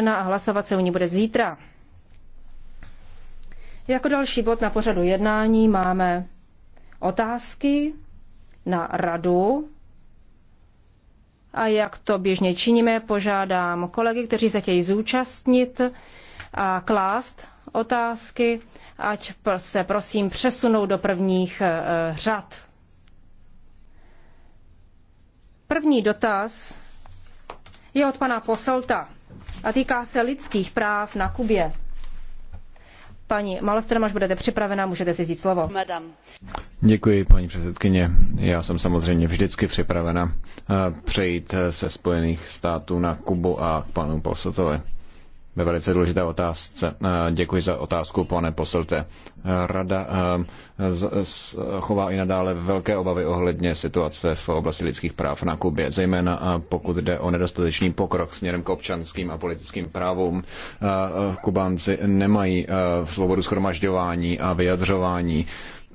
projednána a hlasovat se o ní bude zítra. Jako další bod na pořadu jednání máme otázky na radu. A jak to běžně činíme, požádám kolegy, kteří se chtějí zúčastnit a klást otázky, ať se prosím přesunou do prvních eh, řad. První dotaz je od pana Poselta a týká se lidských práv na Kubě. Paní Malostrom, až budete připravena, můžete si vzít slovo. Děkuji, paní předsedkyně. Já jsem samozřejmě vždycky připravena eh, přejít eh, se Spojených států na Kubu a k panu Posotovi ve velice důležité otázce. Eh, děkuji za otázku, pane posilte. Rada eh, chová i nadále velké obavy ohledně situace v oblasti lidských práv na Kubě, zejména eh, pokud jde o nedostatečný pokrok směrem k občanským a politickým právům. Kubánci nemají svobodu schromažďování a vyjadřování.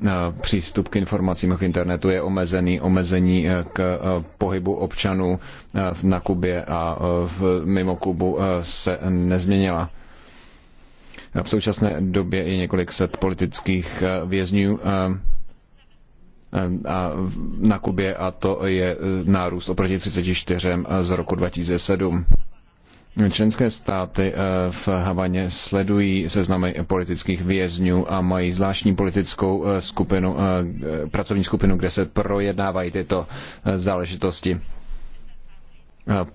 Eh, přístup k informacím k internetu je omezený, omezení eh, k eh, pohybu občanů na Kubě a v, mimo Kubu se nezměnila. V současné době je několik set politických vězňů a na Kubě a to je nárůst oproti 34 z roku 2007. Členské státy eh, v Havaně sledují seznamy politických vězňů a mají zvláštní politickou eh, skupinu, eh, pracovní skupinu, kde se projednávají tyto záležitosti.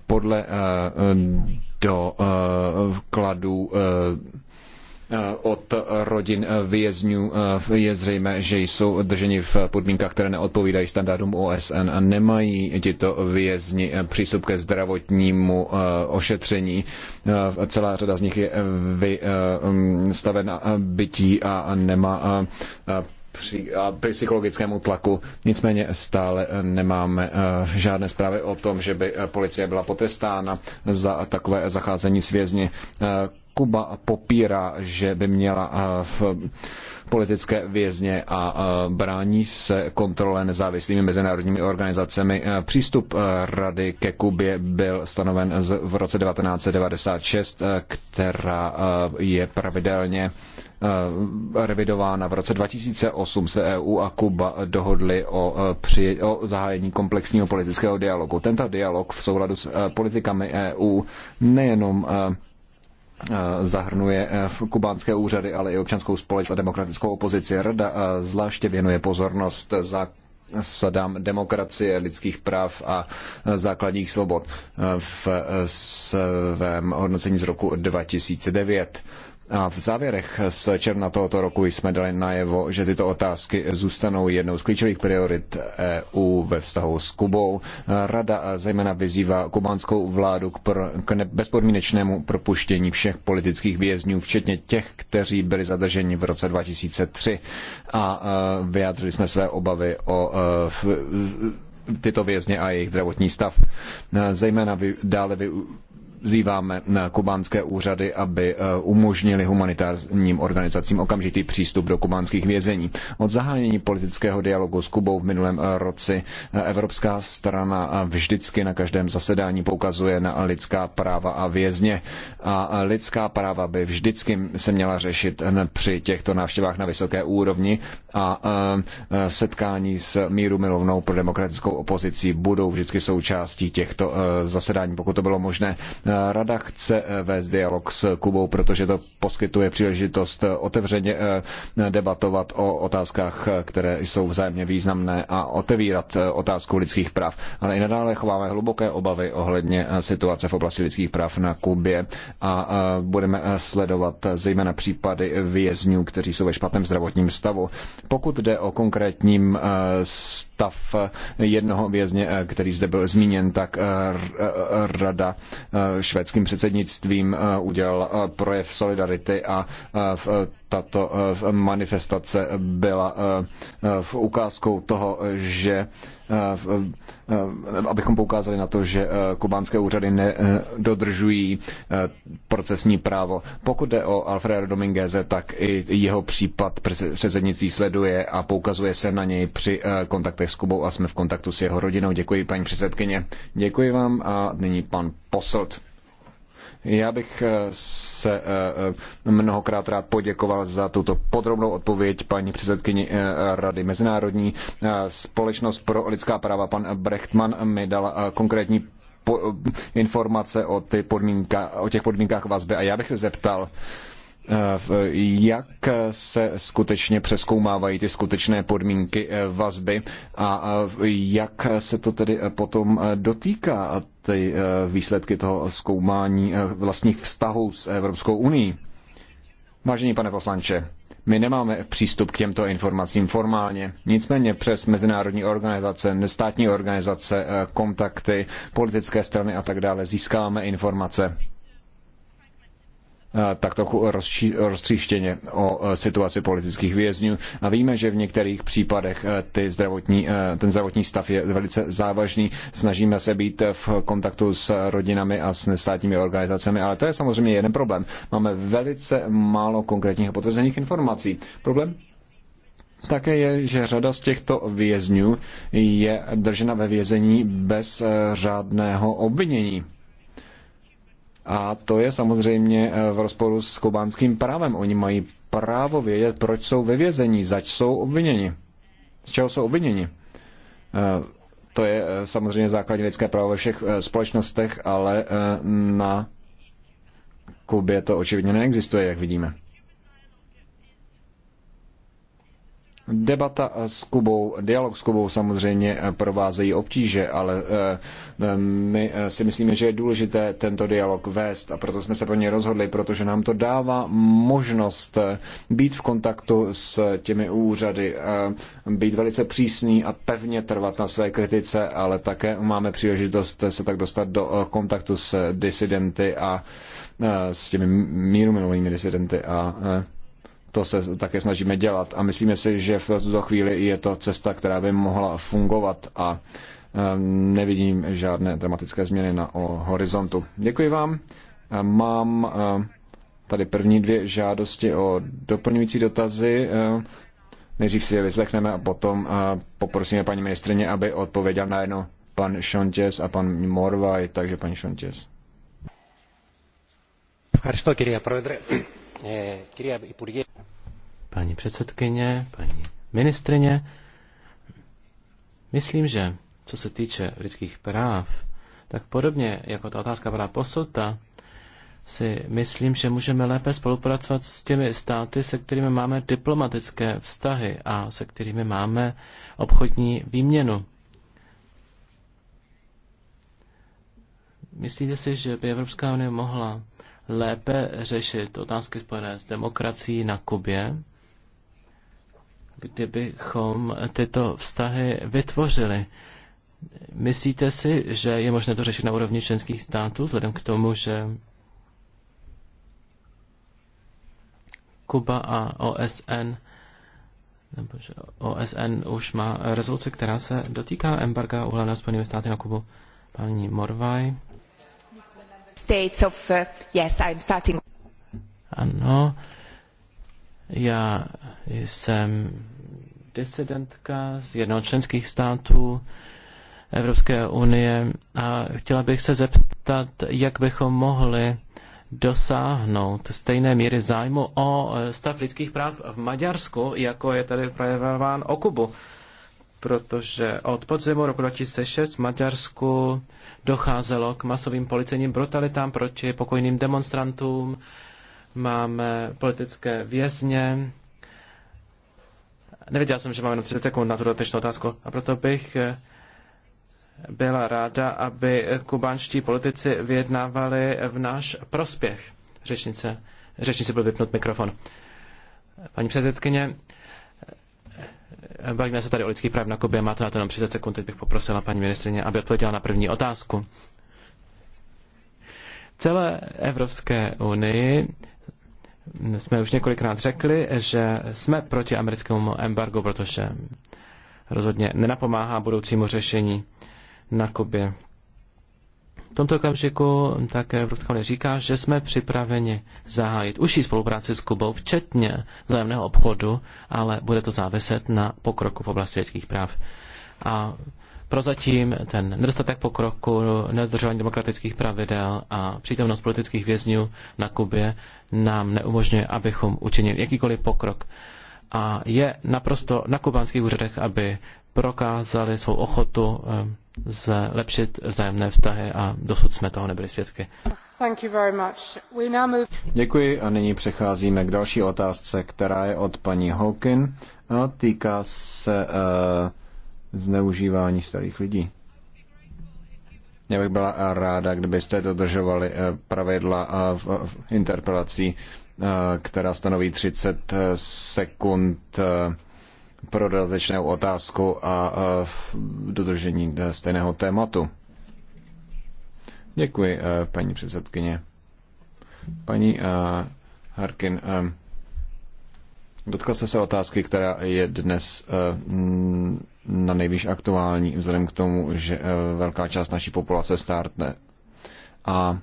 Podle do vkladů Eh, od rodin eh, vězňů eh, je zřejmé, že jsou drženi v podmínkách, které neodpovídají standardům OSN a nemají tito vězni přístup ke zdravotnímu ošetření. Celá řada z nich je vystavena mm, bytí a nemá při, a při psychologickému tlaku. Nicméně stále nemáme žádné zprávy o tom, že by policie byla potrestána za takové zacházení s vězni. Kuba popírá, že by měla eh, v politické vězně a eh, brání se kontrole nezávislými mezinárodními organizacemi. Eh, přístup rady ke Kubě byl stanoven v roce 1996, která je pravidelně revidována. V roce 2008 se EU a Kuba dohodly o, o zahájení komplexního politického dialogu. Tento dialog v souladu s politikami EU nejenom Eh, zahrnuje eh, v kubánské úřady, ale i občanskou společnost a demokratickou opozici. Rada eh, zvláště věnuje pozornost za sadám demokracie, lidských práv a základních svobod v svém hodnocení z roku 2009. A v závěrech z června tohoto roku jsme dali najevo, že tyto otázky zůstanou jednou z klíčových priorit EU ve vztahu s Kubou. Rada zejména vyzývá kubánskou vládu k, pr- k bezpodmínečnému propuštění všech politických vězňů, včetně těch, kteří byli zadrženi v roce 2003. A e, vyjádřili jsme své obavy o e, tyto vězně a jejich zdravotní stav. E, zejména vy, dále vy, vyzýváme kubánské úřady, aby eh, umožnili humanitárním organizacím okamžitý přístup do kubánských vězení. Od zahájení politického dialogu s Kubou v minulém eh, roce eh, evropská strana vždycky na každém zasedání poukazuje na lidská práva a vězně a lidská práva by vždycky se měla řešit při těchto návštěvách na vysoké úrovni a setkání s míru milovnou pro demokratickou opozicí budou vždycky součástí těchto zasedání, pokud to bylo možné Rada chce eh, vést dialog s Kubou, protože to poskytuje příležitost eh, otevřeně eh, debatovat o otázkách, které jsou vzájemně významné a otevírat otázku lidských práv. Ale i nadále chováme hluboké obavy ohledně situace v oblasti lidských práv na Kubě a budeme sledovat zejména případy vězňů, kteří jsou ve špatném zdravotním stavu. Pokud jde o konkrétním stavu, stav jednoho vězně, eh, který zde byl zmíněn, tak eh, eh, rada švédským předsednictvím udělal projev solidarity a v tato eh, manifestace byla eh, eh, v ukázkou toho, že abychom poukázali na to, že kubánské úřady nedodržují procesní právo. Pokud jde o Alfredo Domingueze, tak i jeho případ předsednicí sleduje a poukazuje se na něj při kontaktech s Kubou a jsme v kontaktu s jeho rodinou. Děkuji, paní předsedkyně. Děkuji vám a nyní pan Posolt. Já bych eh, se eh, mnohokrát rád poděkoval za tuto podrobnou odpověď paní předsedkyni eh, Rady Mezinárodní. Společnost pro lidská práva pan Brechtman mi dal konkrétní informace o, ty podmínka, o těch podmínkách vazby a já bych se zeptal, Eh, jak se skutečně přeskoumávají ty skutečné podmínky eh, vazby a jak se to tedy eh, potom dotýká ty výsledky toho zkoumání vlastních vztahů s Evropskou unii. Vážený pane poslanče, my nemáme přístup k těmto informacím formálně, nicméně přes mezinárodní organizace, nestátní organizace, kontakty, politické strany a tak dále získáváme informace Eh, tak trochu roztříštěně o eh, situaci politických vězňů. A víme, že v některých případech eh, ty zdravotní, ten zdravotní stav je velice závažný. Snažíme se být v kontaktu s rodinami a s nestátními organizacemi, ale to je samozřejmě jeden problém. Máme velice málo konkrétních a potvrzených informací. Problém také je, že řada z těchto vězňů je držena ve vězení bez řádného obvinění. A to je samozřejmě eh, v rozporu s kubánským právem. Oni mají právo vědět, proč jsou ve vězení, zač jsou obviněni. Z čeho jsou obviněni? Eh, to je eh, samozřejmě základní lidské právo ve všech společnostech, ale na Kubě to očividně neexistuje, jak vidíme. Debata s Kubou, dialog s Kubou samozřejmě eh, provázejí obtíže, ale eh, eh, my si myslíme, že je důležité tento dialog vést a proto jsme se pro ně rozhodli, protože nám to dává možnost být v kontaktu s těmi úřady, být velice přísný a pevně trvat na své kritice, ale také máme příležitost se tak dostat do kontaktu s disidenty a s těmi mírumilovými disidenty a to se také snažíme dělat a myslíme si, že v tuto chvíli je to cesta, která by mohla fungovat a ehm, nevidím žádné dramatické změny na horizontu. Děkuji vám. Mám ehm, tady první dvě žádosti o doplňující dotazy. Ehm, nejdřív si je vyslechneme a potom poprosíme paní ministrině, aby odpověděl na jedno pan Šontěs a pan Morvaj, takže paní Šontěs. Ευχαριστώ κυρία Πρόεδρε. Paní předsedkyně, paní ministrině, myslím, že co se týče lidských práv, tak podobně jako ta otázka byla posuta, si myslím, že můžeme lépe spolupracovat s těmi státy, se kterými máme diplomatické vztahy a se kterými máme obchodní výměnu. Myslíte si, že by Evropská unie mohla lépe řešit otázky spojené s demokracií na Kubě, kdybychom tyto vztahy vytvořili. Myslíte si, že je možné to řešit na úrovni členských států, vzhledem k tomu, že Kuba a OSN nebo že OSN už má rezoluci, která se dotýká embarga uhlené Spojenými státy na Kubu. Paní Morvaj states of... Uh, yes, I'm starting. Ano, já jsem disidentka z jednoho členských států Evropské unie a chtěla bych se zeptat, jak bychom mohli dosáhnout stejné míry zájmu o eh, stav lidských práv v Maďarsku, jako je tady projevován o Kubu. Protože od podzimu roku 2006 v Maďarsku docházelo k masovým policejním brutalitám proti pokojným demonstrantům, máme politické vězně. Nevěděl jsem, že máme na 30 sekund na tu dotečnou otázku a proto bych eh, byla ráda, aby kubánští politici vyjednávali v náš prospěch. Řečnice, řečnice byl vypnut mikrofon. Paní předsedkyně, bavíme se tady o lidských právech na Kubě, máte na to jenom 30 sekund, teď bych poprosila paní ministrině, aby odpověděla na první otázku. Celé Evropské unii jsme už několikrát řekli, že jsme proti americkému embargu, protože rozhodně nenapomáhá budoucímu řešení na Kubě. V tomto okamžiku také Evropská unie říká, že jsme připraveni zahájit užší spolupráci s Kubou, včetně vzájemného obchodu, ale bude to záviset na pokroku v oblasti lidských práv. A prozatím ten nedostatek pokroku, nedodržování demokratických pravidel a přítomnost politických vězňů na Kubě nám neumožňuje, abychom učinili jakýkoliv pokrok. A je naprosto na kubánských úřadech, aby prokázali svou ochotu eh, zlepšit vzájemné vztahy a dosud jsme toho nebyli svědky. Děkuji a nyní přecházíme k další otázce, která je od paní Hawkin a týká se uh, zneužívání starých lidí. Já bych byla ráda, kdybyste dodržovali eh, pravidla v interpelací, eh, která stanoví 30 sekund pro dodatečnou otázku a dodržení e, stejného tématu. Děkuji, e, paní předsedkyně. Paní e, Harkin, dotkla jste se otázky, která je dnes na nejvýš aktuální, vzhledem k tomu, že velká část naší populace stárne. A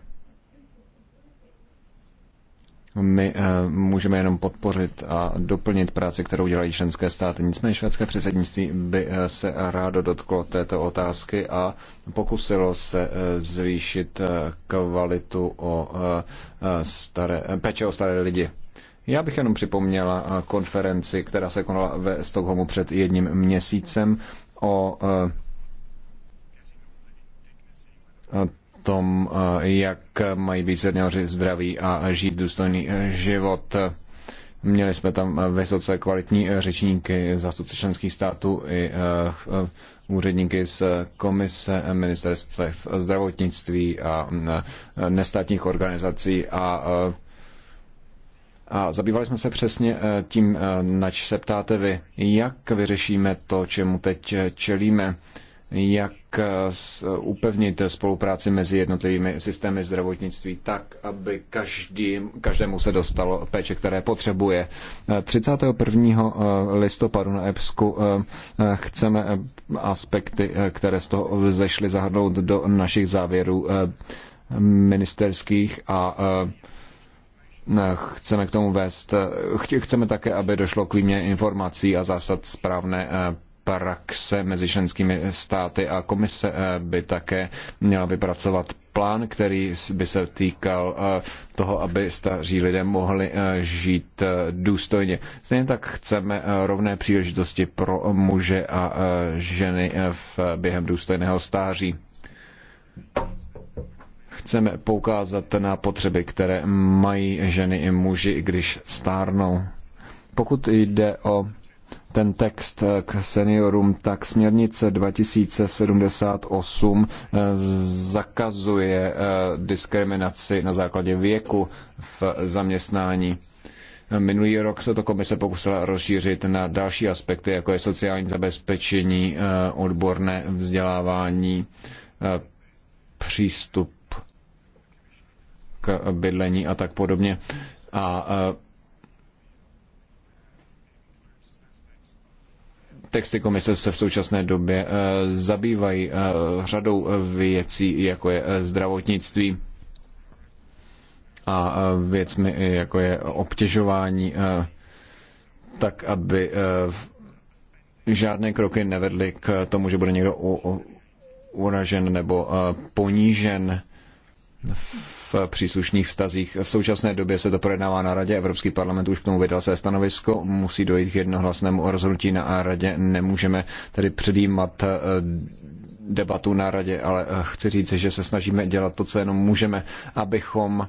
my eh, můžeme jenom podpořit a doplnit práci, kterou dělají členské státy. Nicméně švédské předsednictví by eh, se rádo dotklo této otázky a pokusilo se eh, zvýšit kvalitu o staré, peče o staré lidi. Já bych jenom připomněla konferenci, která se konala ve Stockholmu před jedním měsícem o tom, eh, jak mají být seniori zdraví a žít důstojný eh, život. Měli jsme tam eh, vysoce kvalitní řečníky, zástupce členských států i úředníky z komise ministerstva zdravotnictví a nestátních organizací a a zabývali jsme se přesně tím, nač se ptáte vy, jak vyřešíme to, čemu teď čelíme, jak Eh, eh, upevnit spolupráci mezi jednotlivými systémy zdravotnictví tak, aby každý, každému se dostalo péče, které potřebuje. 31. Eh, listopadu na EPSku chceme aspekty, které z toho vzešly, zahrnout do našich závěrů ministerských a chceme k tomu vést, chceme také, aby došlo k výměně informací a zásad správné praxe mezi členskými státy a komise eh, by také měla vypracovat plán, který by se týkal eh, toho, aby staří lidé mohli eh, žít důstojně. Stejně tak chceme rovné příležitosti pro muže a ženy v během důstojného stáří chceme poukázat na potřeby, které mají ženy i muži, když stárnou. Pokud jde o ten text k seniorům, tak směrnice 2078 eh, zakazuje eh, diskriminaci na základě věku v zaměstnání. Minulý rok se to komise pokusila rozšířit na další aspekty, jako je sociální zabezpečení, eh, odborné vzdělávání, přístup k bydlení a tak podobně. A texty komise se v současné době eh, zabývají eh, řadou eh, věcí, jako je zdravotnictví a věcmi, jako je obtěžování, tak aby žádné kroky nevedly k tomu, že bude někdo uražen nebo ponížen v příslušných vztazích. V současné době se to projednává na radě, Evropský parlament už k tomu vydal své stanovisko, musí dojít k jednohlasnému rozhodnutí na radě, nemůžeme tedy předjímat eh, debatu na radě, ale eh, chci říct, že se snažíme dělat to, co jenom můžeme, abychom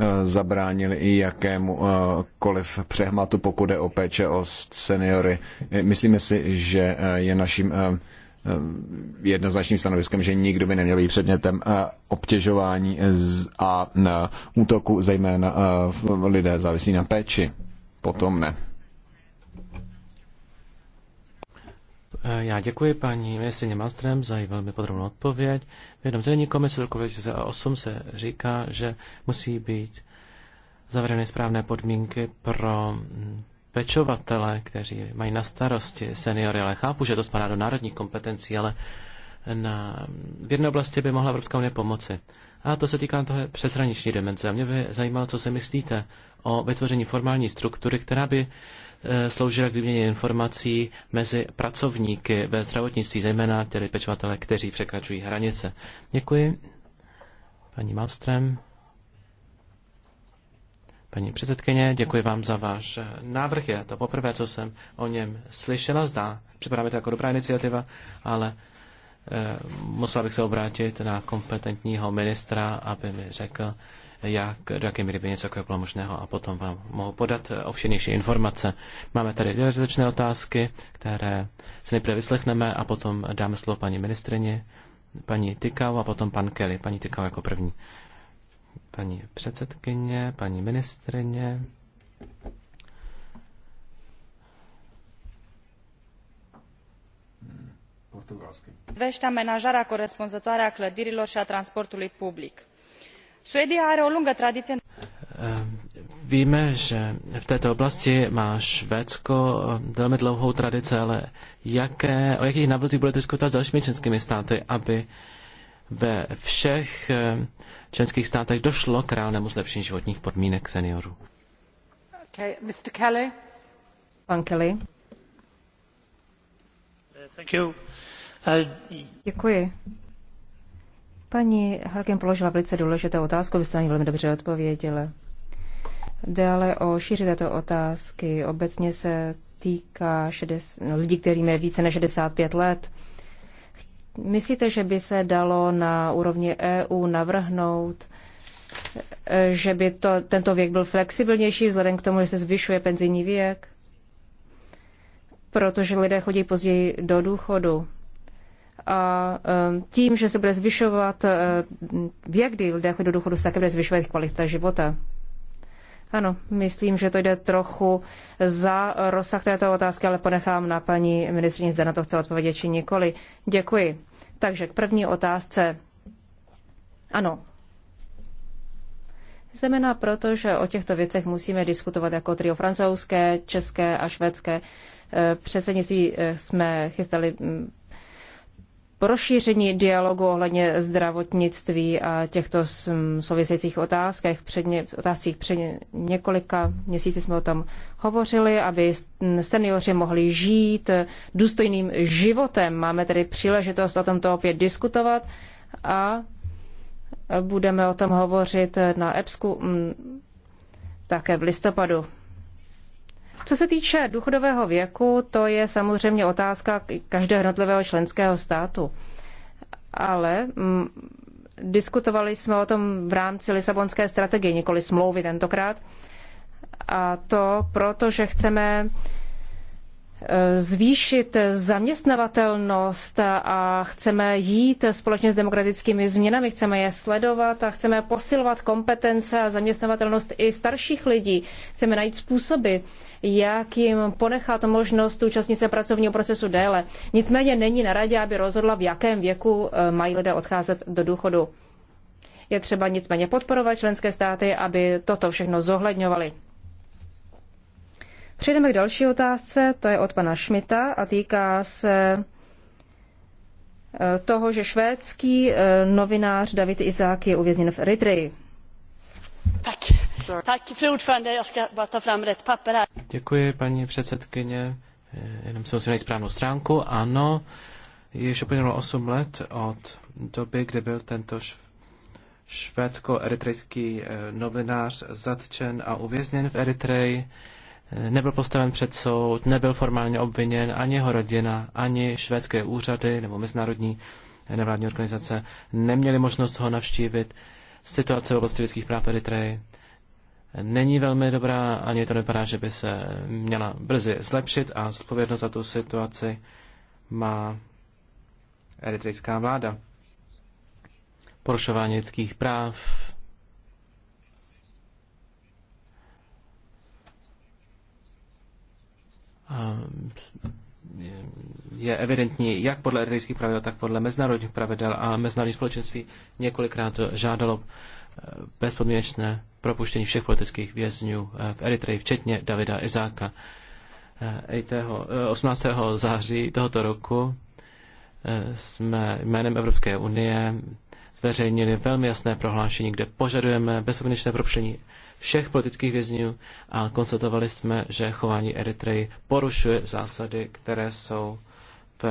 eh, zabránili i jakémukoliv přehmatu, pokud je o péče o seniory. Myslíme si, že je naším Eh, jednoznačným stanoviskem, že nikdo by neměl být předmětem eh, obtěžování a eh, útoku, zejména lidé závislí na péči. Potom ne. Já děkuji paní ministrině Malstrem za její velmi podrobnou odpověď. V jednom zelení komise roku 2008 se říká, že musí být zavřeny správné podmínky pro mm, pečovatele, kteří mají na starosti seniory, ale chápu, že to spadá do národních kompetencí, ale na, v jedné oblasti by mohla Evropská unie pomoci. A to se týká toho přeshraniční demence. A mě by zajímalo, co si myslíte o vytvoření formální struktury, která by eh, sloužila k výměně informací mezi pracovníky ve zdravotnictví, zejména tedy pečovatele, kteří překračují hranice. Děkuji. Paní Malström. Paní předsedkyně, děkuji vám za váš eh, návrh. Je to poprvé, co jsem o něm slyšela. Zdá, připadá mi to jako dobrá iniciativa, ale eh, musela bych se obrátit na kompetentního ministra, aby mi řekl, jak, do jaké míry by něco takového bylo možného a potom vám mohu podat eh, ovšenější informace. Máme tady dodatečné otázky, které se nejprve vyslechneme a potom dáme slovo paní ministrině, paní Tykau a potom pan Kelly. Paní Tykau jako první paní předsedkyně, paní ministrině. privește amenajarea corespunzătoare a clădirilor și a transportului public. Suedia are o lungă tradiție eh, Víme, že v této oblasti má Švédsko eh, velmi dlouhou tradici, ale jaké, o jakých návrzích budete diskutovat s dalšími členskými státy, aby ve všech eh, členských státech došlo k reálnému zlepšení životních podmínek seniorů. Okay, Mr. Kelly. Pan Kelly. Thank you. Uh, Děkuji. Paní Harkin položila velice důležité otázku, vy jste na ní velmi dobře odpověděla. Dále o šíři této otázky. Obecně se týká šedes, no, lidí, kterým je více než 65 let. Myslíte, že by se dalo na úrovni EU navrhnout, e, že by to, tento věk byl flexibilnější vzhledem k tomu, že se zvyšuje penzijní věk? Protože lidé chodí později do důchodu. A tím, že se bude zvyšovat e, věk, kdy lidé chodí do důchodu, se také bude zvyšovat kvalita života. Ano, myslím, že to jde trochu za rozsah této otázky, ale ponechám na paní ministrině, zda na to chce odpovědět či nikoli. Děkuji. Takže k první otázce. Ano. Zemena, proto, že o těchto věcech musíme diskutovat jako trio francouzské, české a švédské. Eh, předsednictví eh, jsme chystali mm, rozšíření dialogu ohledně zdravotnictví a těchto souvisejících otázkách. Před ně, otázcích před několika měsíci jsme o tom hovořili, aby seniori mohli žít důstojným životem. Máme tedy příležitost o tomto opět diskutovat a budeme o tom hovořit na EPSku také v listopadu. Co se týče důchodového věku, to je samozřejmě otázka každého jednotlivého členského státu. Ale m, mm, diskutovali jsme o tom v rámci Lisabonské strategie, nikoli smlouvy tentokrát. A to proto, že chceme e, zvýšit zaměstnavatelnost a chceme jít společně s demokratickými změnami, chceme je sledovat a chceme posilovat kompetence a zaměstnavatelnost i starších lidí. Chceme najít způsoby, jak jim ponechat možnost účastnit se pracovního procesu déle. Nicméně není na radě, aby rozhodla, v jakém věku eh, mají lidé odcházet do důchodu. Je třeba nicméně podporovat členské státy, aby toto všechno zohledňovali. Přejdeme k další otázce, to je od pana Šmita a týká se eh, toho, že švédský eh, novinář David Izák je uvězněn v Eritreji. Tak. Děkuji, paní předsedkyně. Jenom jsem si najít správnou stránku. Ano, již uplynulo 8 let od doby, kdy byl tento švédsko-eritrejský eh, novinář zatčen a uvězněn v Eritreji. Eh, nebyl postaven před soud, nebyl formálně obviněn ani jeho rodina, ani švédské úřady nebo mezinárodní eh, nevládní organizace. Neměli možnost ho navštívit. Situace v oblasti lidských práv v Eritreji není velmi dobrá, ani to nevypadá, že by se měla brzy zlepšit a zodpovědnost za tu situaci má eritrejská vláda. Porušování lidských práv, je evidentní jak podle eritrejských pravidel, tak podle mezinárodních pravidel a mezinárodní společenství několikrát žádalo bezpodmínečné propuštění všech politických vězňů eh, v Eritreji, včetně Davida Izáka. 18. Eh, eh, září tohoto roku jsme jménem Evropské unie zveřejnili velmi jasné prohlášení, kde požadujeme bezpodmínečné propuštění všech politických vězňů a konstatovali jsme, že chování Eritreji porušuje zásady, které jsou v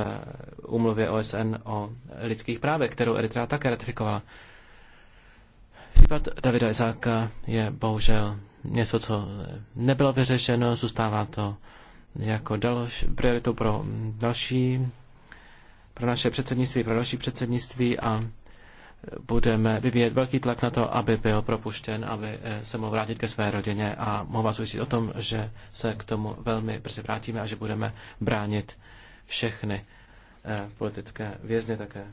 úmluvě OSN o lidských právech, kterou Eritrea také ratifikovala. Případ Davida Izáka je bohužel něco, co nebylo vyřešeno, zůstává to jako další prioritu pro další, pro naše předsednictví, pro další předsednictví a budeme vyvíjet velký tlak na to, aby byl propuštěn, aby eh, se mohl vrátit ke své rodině a mohu vás ujistit o tom, že se k tomu velmi brzy vrátíme a že budeme bránit všechny eh, politické vězně, také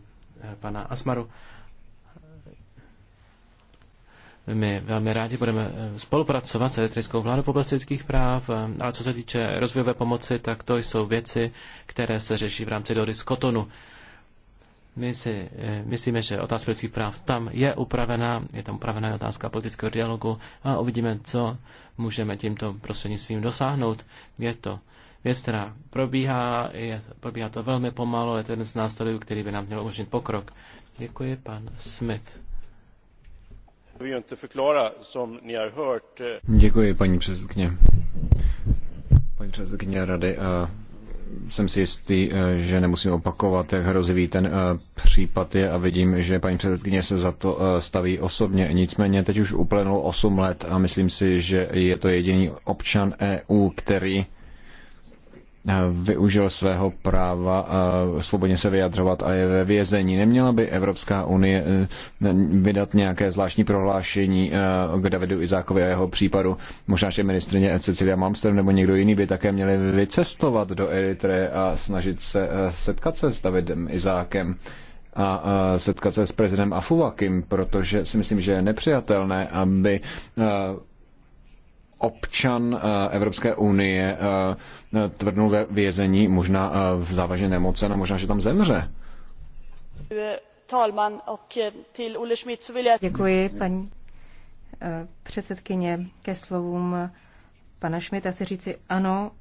eh, pana Asmaru. My velmi rádi budeme eh, spolupracovat s eritrejskou vládou v oblasti lidských práv, eh, ale co se týče rozvojové pomoci, tak to jsou věci, které se řeší v rámci dohody z Kotonu. My si eh, myslíme, že otázka lidských práv tam je upravená, je tam upravená otázka politického dialogu a uvidíme, co můžeme tímto prostřednictvím dosáhnout. Je to věc, která probíhá, je, probíhá to velmi pomalu, je to jeden z nástrojů, který by nám měl umožnit pokrok. Děkuji, pan Smith. Eh, Děkuji, paní předsedkyně. Paní předsedkyně rady, eh, jsem si jistý, eh, že nemusím opakovat, jak hrozivý ten případ je a vidím, že paní předsedkyně se za to staví osobně. Nicméně teď už uplynulo 8 let a myslím si, že je to jediný občan EU, který Eh, využil svého práva eh, svobodně se vyjadřovat a je ve vězení. Neměla by Evropská unie eh, vydat nějaké zvláštní prohlášení k Davidu Izákovi a jeho případu. Možná, že ministrině e. Cecilia Malmström nebo někdo jiný by také měli vycestovat do Eritre a snažit se setkat se s Davidem Izákem a setkat se s prezidentem Afuvakim, protože si myslím, že je nepřijatelné, aby občan eh, Evropské unie eh, tvrdnul ve vězení, možná eh, v závažné nemoce, a no možná, že tam zemře. Děkuji, paní předsedkyně, ke slovům pana Šmita si říci ano,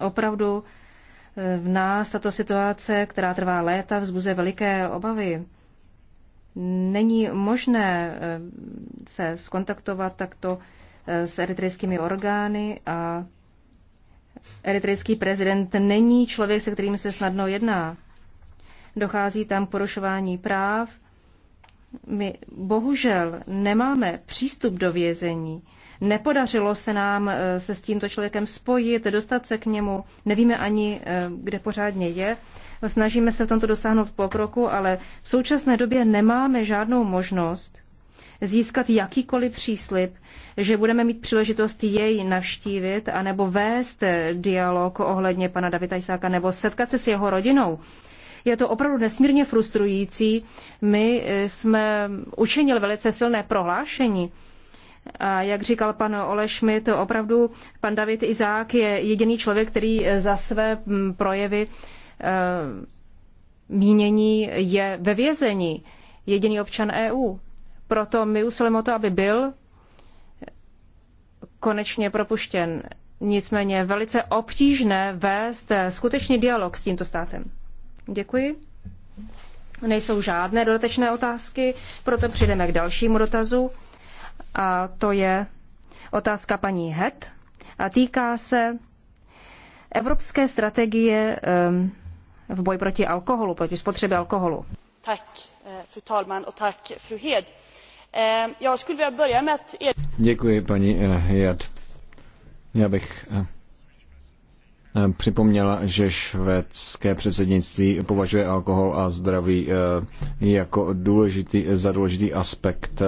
opravdu v nás tato situace, která trvá léta, vzbuzuje veliké obavy. Není možné se skontaktovat takto s eritrejskými orgány a eritrejský prezident není člověk, se kterým se snadno jedná. Dochází tam k porušování práv. My bohužel nemáme přístup do vězení. Nepodařilo se nám eh, se s tímto člověkem spojit, dostat se k němu. Nevíme ani, eh, kde pořádně je. Snažíme se v tomto dosáhnout pokroku, ale v současné době nemáme žádnou možnost získat jakýkoliv příslip, že budeme mít příležitost jej navštívit anebo vést dialog ohledně pana Davida Isáka nebo setkat se s jeho rodinou. Je to opravdu nesmírně frustrující. My eh, jsme učinili velice silné prohlášení, a jak říkal pan Oleš, mi to opravdu pan David Izák je jediný člověk, který eh, za své mm, projevy eh, mínění je ve vězení. Jediný občan EU. Proto my usilujeme o to, aby byl konečně propuštěn. Nicméně velice obtížné vést skutečný dialog s tímto státem. Děkuji. Nejsou žádné dodatečné otázky, proto přijdeme k dalšímu dotazu. A to je otázka paní Het a týká se evropské strategie ehm, v boji proti alkoholu, proti spotřebě alkoholu. Tak, eh, fru talman, a tak, fru Hed. Eh, er- Děkuji, paní eh, Jad. Já bych eh, připomněla, že švédské předsednictví považuje alkohol a zdraví jako důležitý, za důležitý aspekt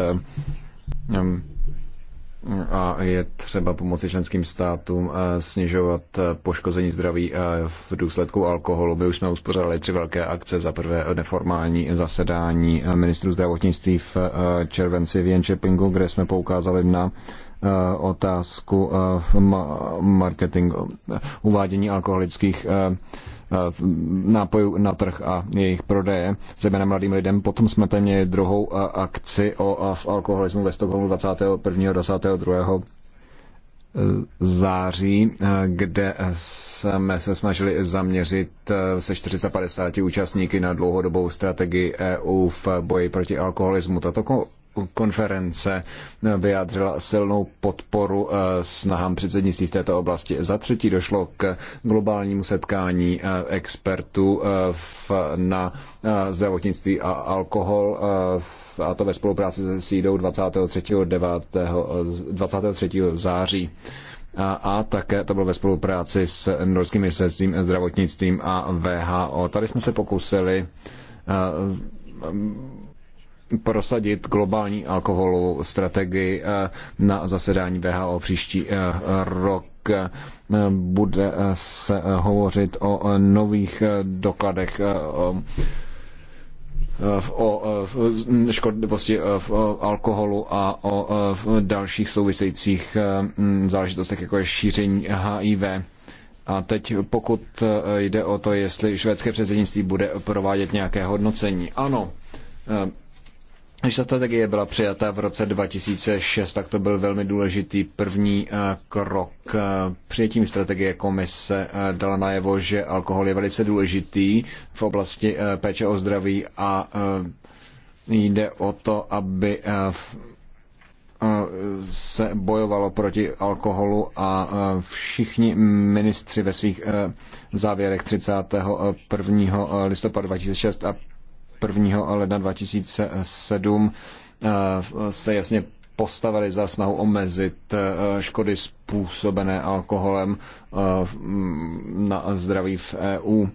a je třeba pomoci členským státům eh, snižovat eh, poškození zdraví eh, v důsledku alkoholu. My už jsme uspořádali tři velké akce. Za prvé neformální zasedání ministrů zdravotnictví v červenci v Jenčepingu, kde jsme poukázali na otázku marketingu, uvádění alkoholických Eh, nápojů na trh a jejich prodeje, zejména mladým lidem. Potom jsme tam měli druhou eh, akci o eh, alkoholismu ve Stockholmu 21. 22 září, kde jsme se snažili zaměřit se 450 účastníky na dlouhodobou strategii EU v boji proti alkoholismu. Tato konference vyjádřila silnou podporu eh, snahám předsednictví v této oblasti. Za třetí došlo k globálnímu setkání eh, expertů eh, na zdravotnictví a alkohol a to ve spolupráci se sídou 23. 9, 23. září a, a také to bylo ve spolupráci s norským ministerstvím zdravotnictvím a VHO. Tady jsme se pokusili uh, prosadit globální alkoholovou strategii eh, na zasedání VHO příští eh, rok eh, bude se hovořit o nových dokladech o škodlivosti v alkoholu a o dalších souvisejících záležitostech, jako je šíření HIV. A teď pokud jde o to, jestli švédské předsednictví bude provádět nějaké hodnocení. Ano, když ta strategie byla přijata v roce 2006, tak to byl velmi důležitý první eh, krok. Eh, přijetím strategie komise eh, dala najevo, že alkohol je velice důležitý v oblasti péče o zdraví a jde o to, aby se bojovalo proti alkoholu a všichni ministři ve svých závěrech 31. listopadu 2006 a 1. ledna 2007 eh, se jasně postavili za snahu omezit eh, škody způsobené alkoholem eh, na zdraví v EU.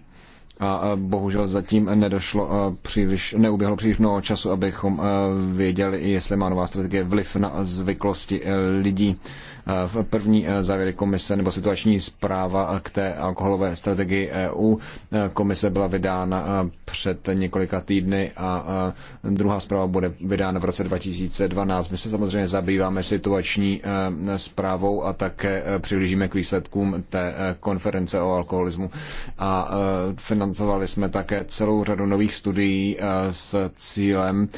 A bohužel zatím nedošlo příliš, neuběhlo příliš mnoho času, abychom věděli, jestli má nová strategie vliv na zvyklosti lidí v první eh, závěry komise nebo situační zpráva k té alkoholové strategii EU. Eh, komise byla vydána eh, před několika týdny a druhá zpráva bude vydána v roce 2012. My se samozřejmě zabýváme situační zprávou a také přihlížíme k výsledkům té konference o alkoholismu. A financovali jsme také celou řadu nových studií s cílem,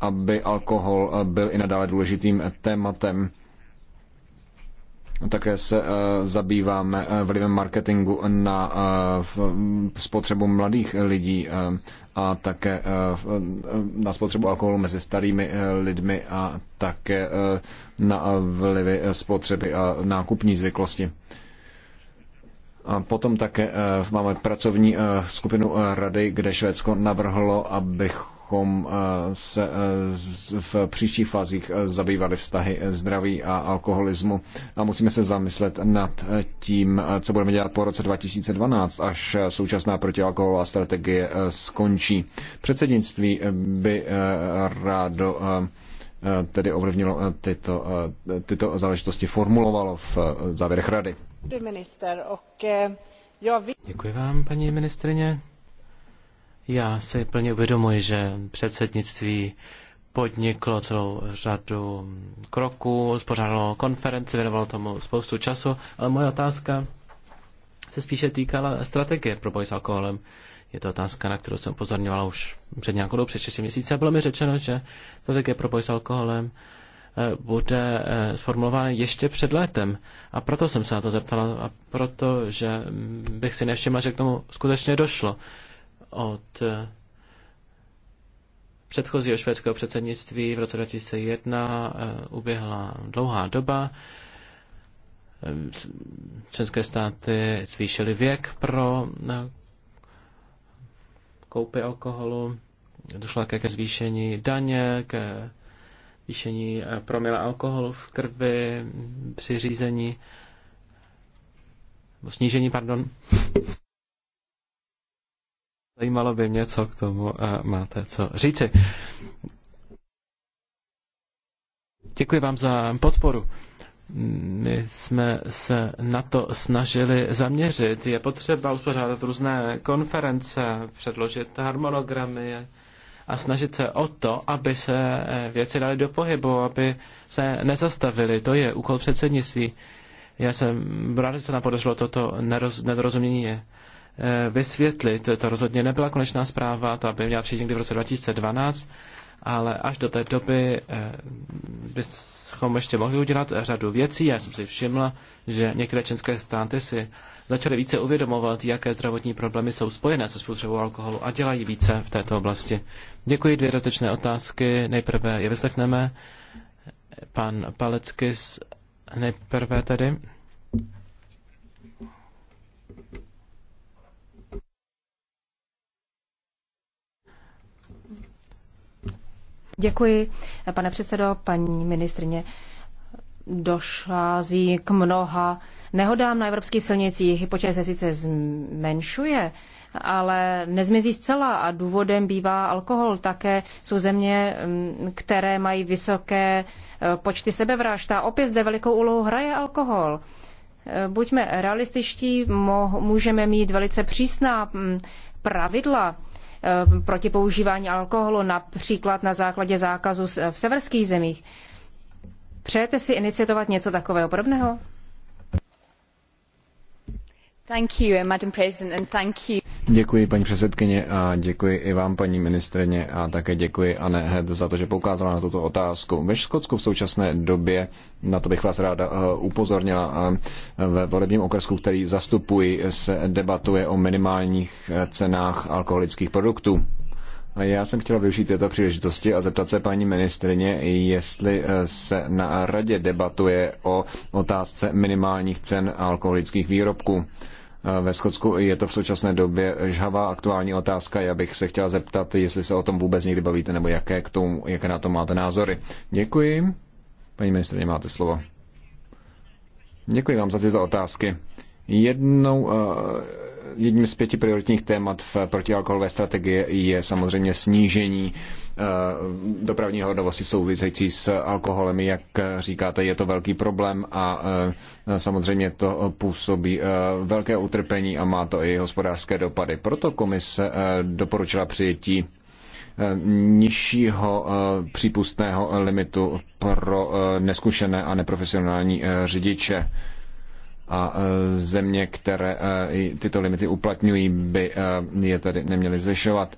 aby alkohol byl i nadále důležitým tématem také se eh, zabýváme eh, vlivem marketingu na eh, spotřebu mladých lidí a také na spotřebu alkoholu mezi starými lidmi a také na vlivy spotřeby a nákupní zvyklosti. A potom také máme pracovní skupinu rady, kde Švédsko navrhlo, abych abychom eh, se eh, v příštích fázích eh, zabývali vztahy zdraví a alkoholismu a musíme se zamyslet nad tím, co budeme dělat po roce 2012, až současná protialkoholová strategie skončí. Předsednictví by rádo tedy ovlivnilo tyto, tyto záležitosti, formulovalo v závěrech rady. Děkuji vám, paní ministrině. Já si plně uvědomuji, že předsednictví podniklo celou řadu kroků, spořádalo konferenci, věnovalo tomu spoustu času, ale moje otázka se spíše týkala strategie pro boj s alkoholem. Je to otázka, na kterou jsem pozorňovala už před nějakou dobu, před 6 měsíci a bylo mi řečeno, že strategie pro boj s alkoholem eh, bude eh, sformulována ještě před létem. A proto jsem se na to zeptala a proto, že bych si nevšimla, že k tomu skutečně došlo od eh, předchozího švédského předsednictví v roce 2001 eh, uběhla dlouhá doba. Eh, České státy zvýšily věk pro koupy alkoholu, došlo také ke zvýšení daně, ke zvýšení promila alkoholu v krvi při řízení, snížení, pardon. Zajímalo by mě, co k tomu eh, máte co říci. Děkuji vám za podporu. My jsme se na to snažili zaměřit. Je potřeba uspořádat různé konference, předložit harmonogramy a snažit se o to, aby se eh, věci daly do pohybu, aby se nezastavily. To je úkol předsednictví. Já jsem rád, že se nám podařilo toto nedorozumění Eh, vysvětlit. To rozhodně nebyla konečná zpráva, ta by měla přijít někdy v roce 2012, ale až do té doby eh, bychom ještě mohli udělat řadu věcí. Já jsem si všimla, že některé české státy si začaly více uvědomovat, jaké zdravotní problémy jsou spojené se spotřebou alkoholu a dělají více v této oblasti. Děkuji, dvě dotečné otázky. Nejprve je vyslechneme. Pan z nejprve tedy. Děkuji, pane předsedo, paní ministrně. Došlází k mnoha nehodám na evropských silnicích. Počet se sice zmenšuje, ale nezmizí zcela a důvodem bývá alkohol. Také jsou země, mm, které mají vysoké e, počty sebevražd a opět zde velikou úlohu hraje alkohol. E, buďme realističtí, můžeme mít velice přísná mm, pravidla Eh, proti používání alkoholu, například na základě zákazu v severských zemích. Přejete si iniciovat něco takového podobného? Thank you, eh, Madam President, and thank you. Děkuji paní předsedkyně a děkuji i vám paní ministrině a také děkuji Anne Head za to, že poukázala na tuto otázku. Ve Škotsku v současné době, na to bych vás ráda eh, upozornila, eh, ve volebním okresku, který zastupuji, se debatuje o minimálních eh, cenách alkoholických produktů. Já jsem chtěla využít této příležitosti a zeptat se paní ministrině, jestli se na radě debatuje o otázce minimálních cen alkoholických výrobků ve Skotsku. Je to v současné době žhavá aktuální otázka. Já bych se chtěla zeptat, jestli se o tom vůbec někdy bavíte, nebo jaké, k tomu, jaké na to máte názory. Děkuji. Paní ministrině, máte slovo. Děkuji vám za tyto otázky. Jednou eh, jedním z pěti prioritních témat v protialkoholové strategii je samozřejmě snížení eh, dopravní hodovosti související s alkoholem. Jak říkáte, je to velký problém a eh, samozřejmě to působí eh, velké utrpení a má to i hospodářské dopady. Proto komise doporučila přijetí nižšího přípustného limitu pro neskušené a neprofesionální řidiče a e, země, které e, tyto limity uplatňují, by e, je tedy neměly zvyšovat.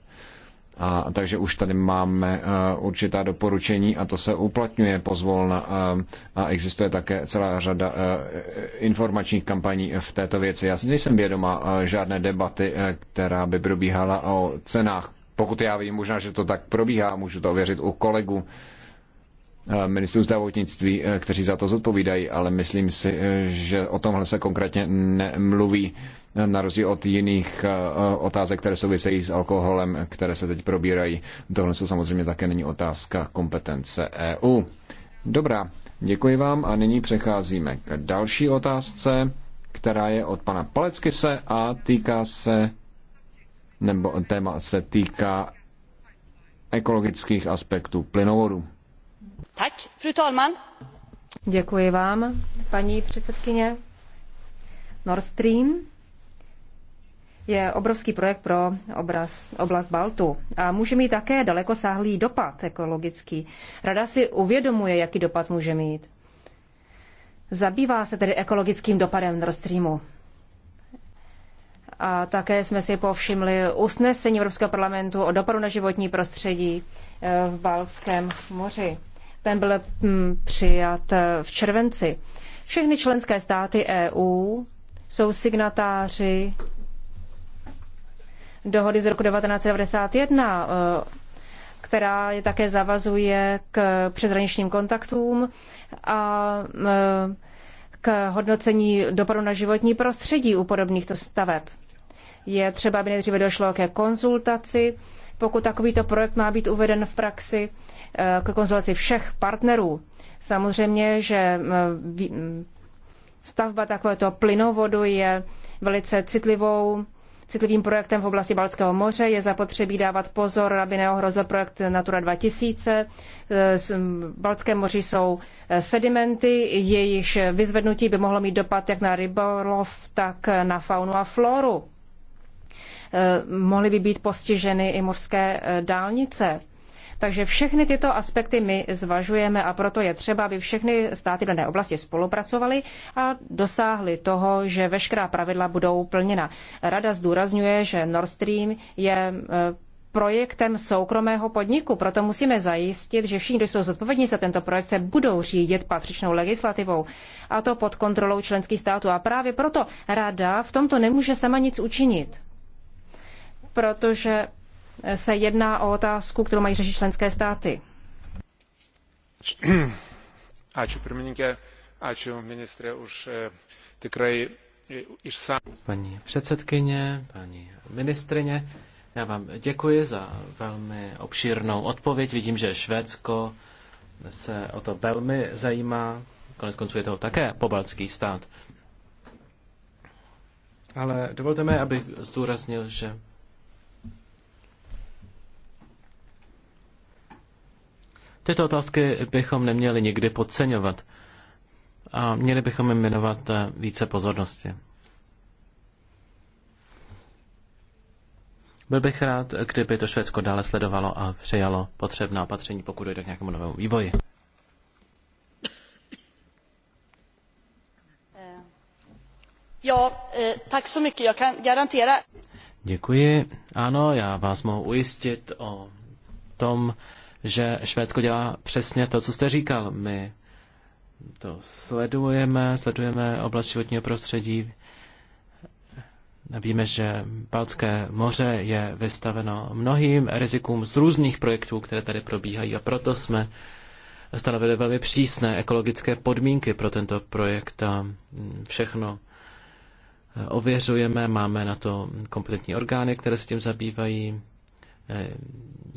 A, takže už tady máme určitá doporučení a to se uplatňuje pozvolna a existuje také celá řada informačních kampaní v této věci. Já si nejsem vědoma žádné debaty, která by probíhala o cenách. Pokud já vím, možná, že to tak probíhá, můžu to ověřit u kolegu. Eh, ministrů zdravotnictví, eh, kteří za to zodpovídají, ale myslím si, eh, že o tomhle se konkrétně nemluví na rozdíl od jiných otázek, které souvisejí s alkoholem, které se teď probírají. Tohle se samozřejmě také není otázka kompetence EU. Dobrá, děkuji vám a nyní přecházíme k další otázce, která je od pana Paleckise a týká se, nebo téma se týká ekologických aspektů plynovodu. Děkuji vám, paní předsedkyně. Nord Stream je obrovský projekt pro obraz, oblast Baltu a může mít také dalekosáhlý dopad ekologický. Rada si uvědomuje, jaký dopad může mít. Zabývá se tedy ekologickým dopadem Nord Streamu. A také jsme si povšimli usnesení Evropského parlamentu o dopadu na životní prostředí eh, v Baltském moři. Ten byl hm, přijat eh, v červenci. Všechny členské státy EU jsou signatáři dohody z roku 1991, eh, která je také zavazuje k přeshraničním kontaktům a eh, k hodnocení dopadu na životní prostředí u podobných staveb. Je třeba, aby nejdříve došlo ke konzultaci pokud takovýto projekt má být uveden v praxi eh, k konzolaci všech partnerů. Samozřejmě, že eh, mm, stavba takovéto plynovodu je velice citlivou citlivým projektem v oblasti Balckého moře. Je zapotřebí dávat pozor, aby neohrozil projekt Natura 2000. Eh, v Balckém moři jsou sedimenty, jejichž vyzvednutí by mohlo mít dopad jak na rybolov, tak na faunu a floru. Eh, mohly by být postiženy i mořské eh, dálnice. Takže všechny tyto aspekty my zvažujeme a proto je třeba, aby všechny státy v dané oblasti spolupracovaly a dosáhly toho, že veškerá pravidla budou plněna. Rada zdůrazňuje, že Nord Stream je eh, projektem soukromého podniku. Proto musíme zajistit, že všichni, kdo jsou zodpovědní za tento projekt, se budou řídit patřičnou legislativou. A to pod kontrolou členských států. A právě proto rada v tomto nemůže sama nic učinit protože se jedná o otázku, kterou mají řešit členské státy. Ačiū pirmininkė, ačiū ministrė už e, tikrai e, išsam. Paní předsedkyně, paní ministrině, já vám děkuji za velmi obšírnou odpověď. Vidím, že Švédsko se o to velmi zajímá. Konec konců je to také pobaltský stát. Ale dovolte mi, abych zdůraznil, že Tyto otázky bychom neměli nikdy podceňovat a měli bychom jim věnovat eh, více pozornosti. Byl bych rád, kdyby to Švédsko dále sledovalo a přijalo potřebná opatření, pokud dojde k nějakému novému vývoji. Eh, Děkuji. Ano, já vás mohu ujistit o tom, že Švédsko dělá přesně to, co jste říkal. My to sledujeme, sledujeme oblast životního prostředí. Víme, že Balcké moře je vystaveno mnohým rizikům z různých projektů, které tady probíhají a proto jsme stanovili velmi přísné ekologické podmínky pro tento projekt a všechno ověřujeme, máme na to kompetentní orgány, které se tím zabývají. Eh,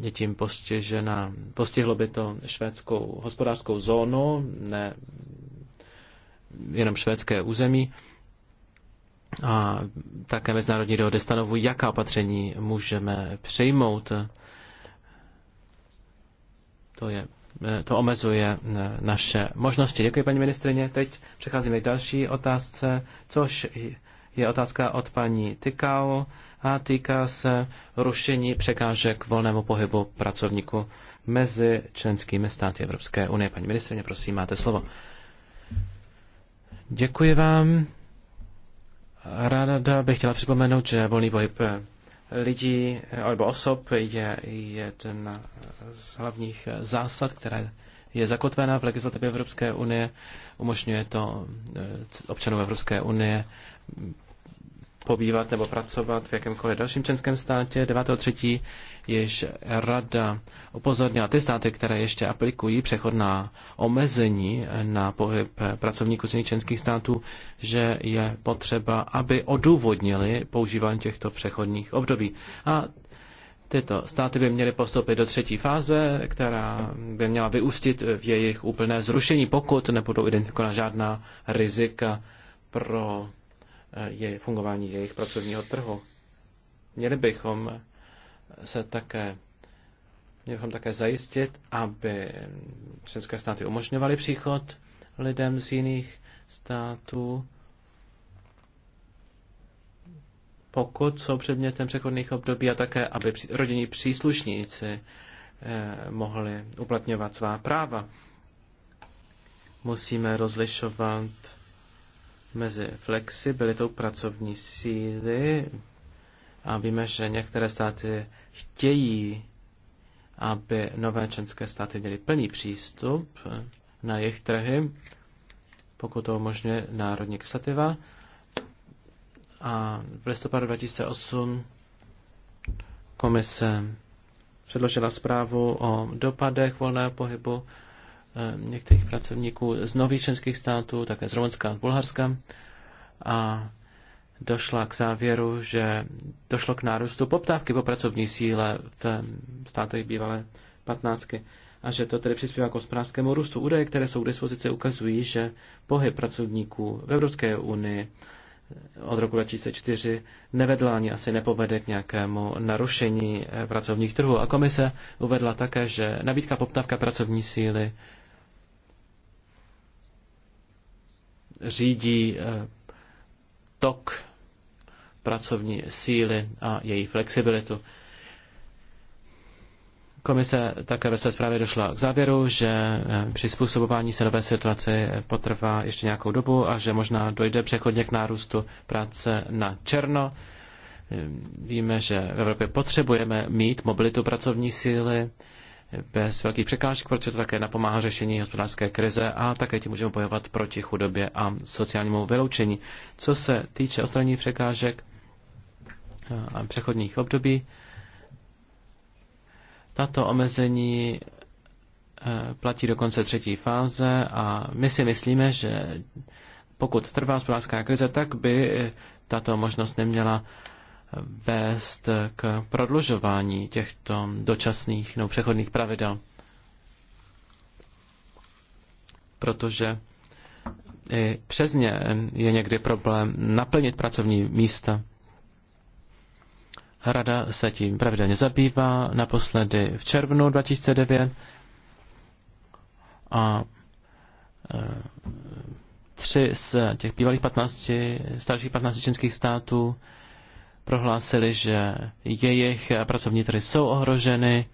je tím postižena, postihlo by to švédskou hospodářskou zónu, ne jenom švédské území. A také mezinárodní dohody stanovují, jaká opatření můžeme přijmout. To, je, eh, to omezuje eh, naše možnosti. Děkuji, paní ministrině. Teď přecházíme k další otázce, což je otázka od paní Tykao a týká se rušení překážek volnému pohybu pracovníků mezi členskými státy Evropské unie. Paní ministrině, prosím, máte slovo. Děkuji vám. Ráda bych chtěla připomenout, že volný pohyb lidí nebo osob je jedna z hlavních zásad, které je zakotvená v legislativě Evropské unie, umožňuje to občanům Evropské unie pobývat nebo pracovat v jakémkoliv dalším členském státě. 9.3. již rada upozornila ty státy, které ještě aplikují přechodná omezení na pohyb pracovníků z jiných členských států, že je potřeba, aby odůvodnili používání těchto přechodných období. A tyto státy by měly postoupit do třetí fáze, která by měla vyústit v jejich úplné zrušení, pokud nebudou identifikována žádná rizika pro je fungování jejich pracovního trhu. Měli bychom se také měli bychom také zajistit, aby členské státy umožňovaly příchod lidem z jiných států, pokud jsou předmětem přechodných období a také, aby rodinní příslušníci eh, mohli uplatňovat svá práva. Musíme rozlišovat mezi flexibilitou pracovní síly a víme, že některé státy chtějí, aby nové členské státy měly plný přístup na jejich trhy, pokud to umožňuje národní legislativa. A v listopadu 2008 komise předložila zprávu o dopadech volného pohybu Eh, některých pracovníků z nových členských států, také z Rumunska a Bulharska. A došla k závěru, že došlo k nárůstu poptávky po pracovní síle v státech bývalé 15 a že to tedy přispívá k hospodářskému růstu. Údaje, které jsou k dispozici, ukazují, že pohyb pracovníků v Evropské unii eh, od roku 2004 nevedl ani asi nepovede k nějakému narušení eh, pracovních trhů. A komise uvedla také, že nabídka poptávka pracovní síly řídí eh, tok pracovní síly a její flexibilitu. Komise také ve své zprávě došla k závěru, že eh, přizpůsobování se nové situaci potrvá ještě nějakou dobu a že možná dojde přechodně k nárůstu práce na černo. Víme, že v Evropě potřebujeme mít mobilitu pracovní síly, bez velkých překážek, protože to také napomáhá řešení hospodářské krize a také tím můžeme bojovat proti chudobě a sociálnímu vyloučení. Co se týče odstranění překážek eh, a přechodních období, tato omezení eh, platí do konce třetí fáze a my si myslíme, že pokud trvá hospodářská krize, tak by eh, tato možnost neměla vést k prodlužování těchto dočasných nebo přechodných pravidel. Protože i přes ně je někdy problém naplnit pracovní místa. Rada se tím pravidelně zabývá, naposledy v červnu 2009 a e, tři z těch bývalých 15, starších 15 členských států prohlásili, že jejich pracovní trhy jsou ohroženy.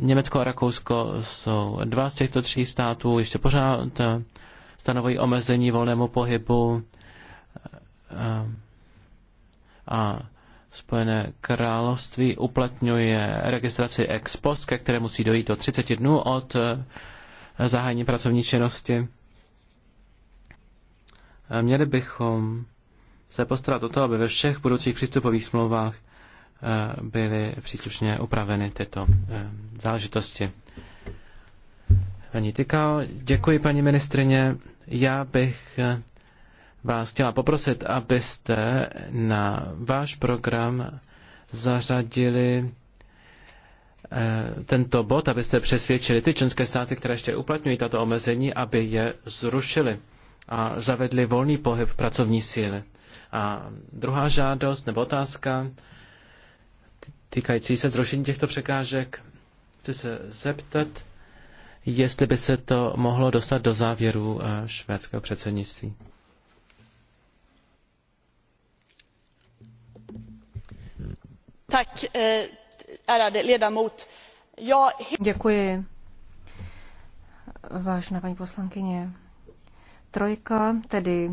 Německo a Rakousko jsou dva z těchto tří států, ještě pořád stanovují omezení volnému pohybu a Spojené království uplatňuje registraci ex post, ke které musí dojít do 30 dnů od zahájení pracovní činnosti. Měli bychom se postarat o to, aby ve všech budoucích přístupových smlouvách eh, byly příslušně upraveny tyto eh, záležitosti. Paní Tykao, děkuji paní ministrině. Já bych eh, vás chtěla poprosit, abyste na váš program zařadili tento bod, abyste přesvědčili ty členské státy, které ještě uplatňují tato omezení, aby je zrušili a zavedli volný pohyb pracovní síly. A druhá žádost nebo otázka týkající se zrušení těchto překážek, chci se zeptat, jestli by se to mohlo dostat do závěru eh, švédského předsednictví. Eh, Děkuji. vážná paní poslankyně, trojka, tedy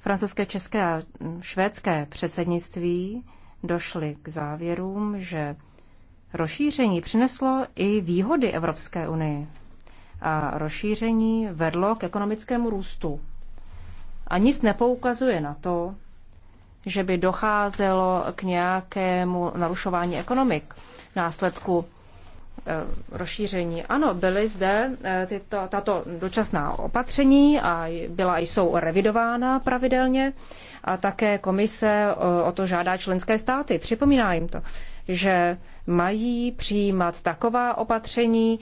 francouzské, české a švédské předsednictví došly k závěrům, že rozšíření přineslo i výhody Evropské unii. A rozšíření vedlo k ekonomickému růstu. A nic nepoukazuje na to, že by docházelo k nějakému narušování ekonomik následku Eh, rozšíření. Ano, byly zde eh, tyto, tato dočasná opatření a byla i jsou revidována pravidelně a také komise eh, o to žádá členské státy. Připomíná jim to, že mají přijímat taková opatření,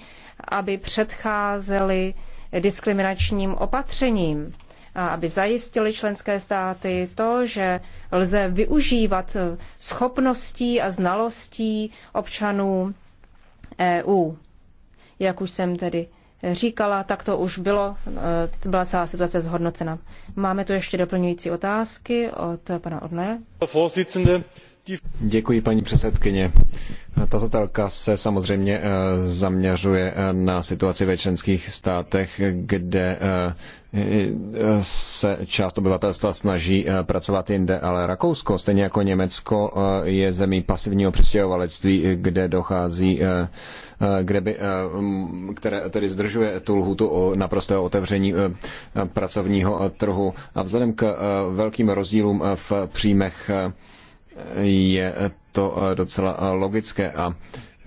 aby předcházely diskriminačním opatřením a aby zajistili členské státy to, že lze využívat schopností a znalostí občanů EU. Jak už jsem tedy říkala, tak to už bylo, To e, byla celá situace zhodnocena. Máme tu ještě doplňující otázky od pana Odne. Děkuji, paní předsedkyně. Tazatelka se samozřejmě eh, zaměřuje eh, na situaci ve členských státech, kde eh, se část obyvatelstva snaží pracovat jinde, ale Rakousko, stejně jako Německo, je zemí pasivního přistěhovalectví, kde dochází, kde by, které tedy zdržuje tu lhutu o naprostého otevření pracovního trhu. A vzhledem k velkým rozdílům v příjmech je to eh, docela eh, logické a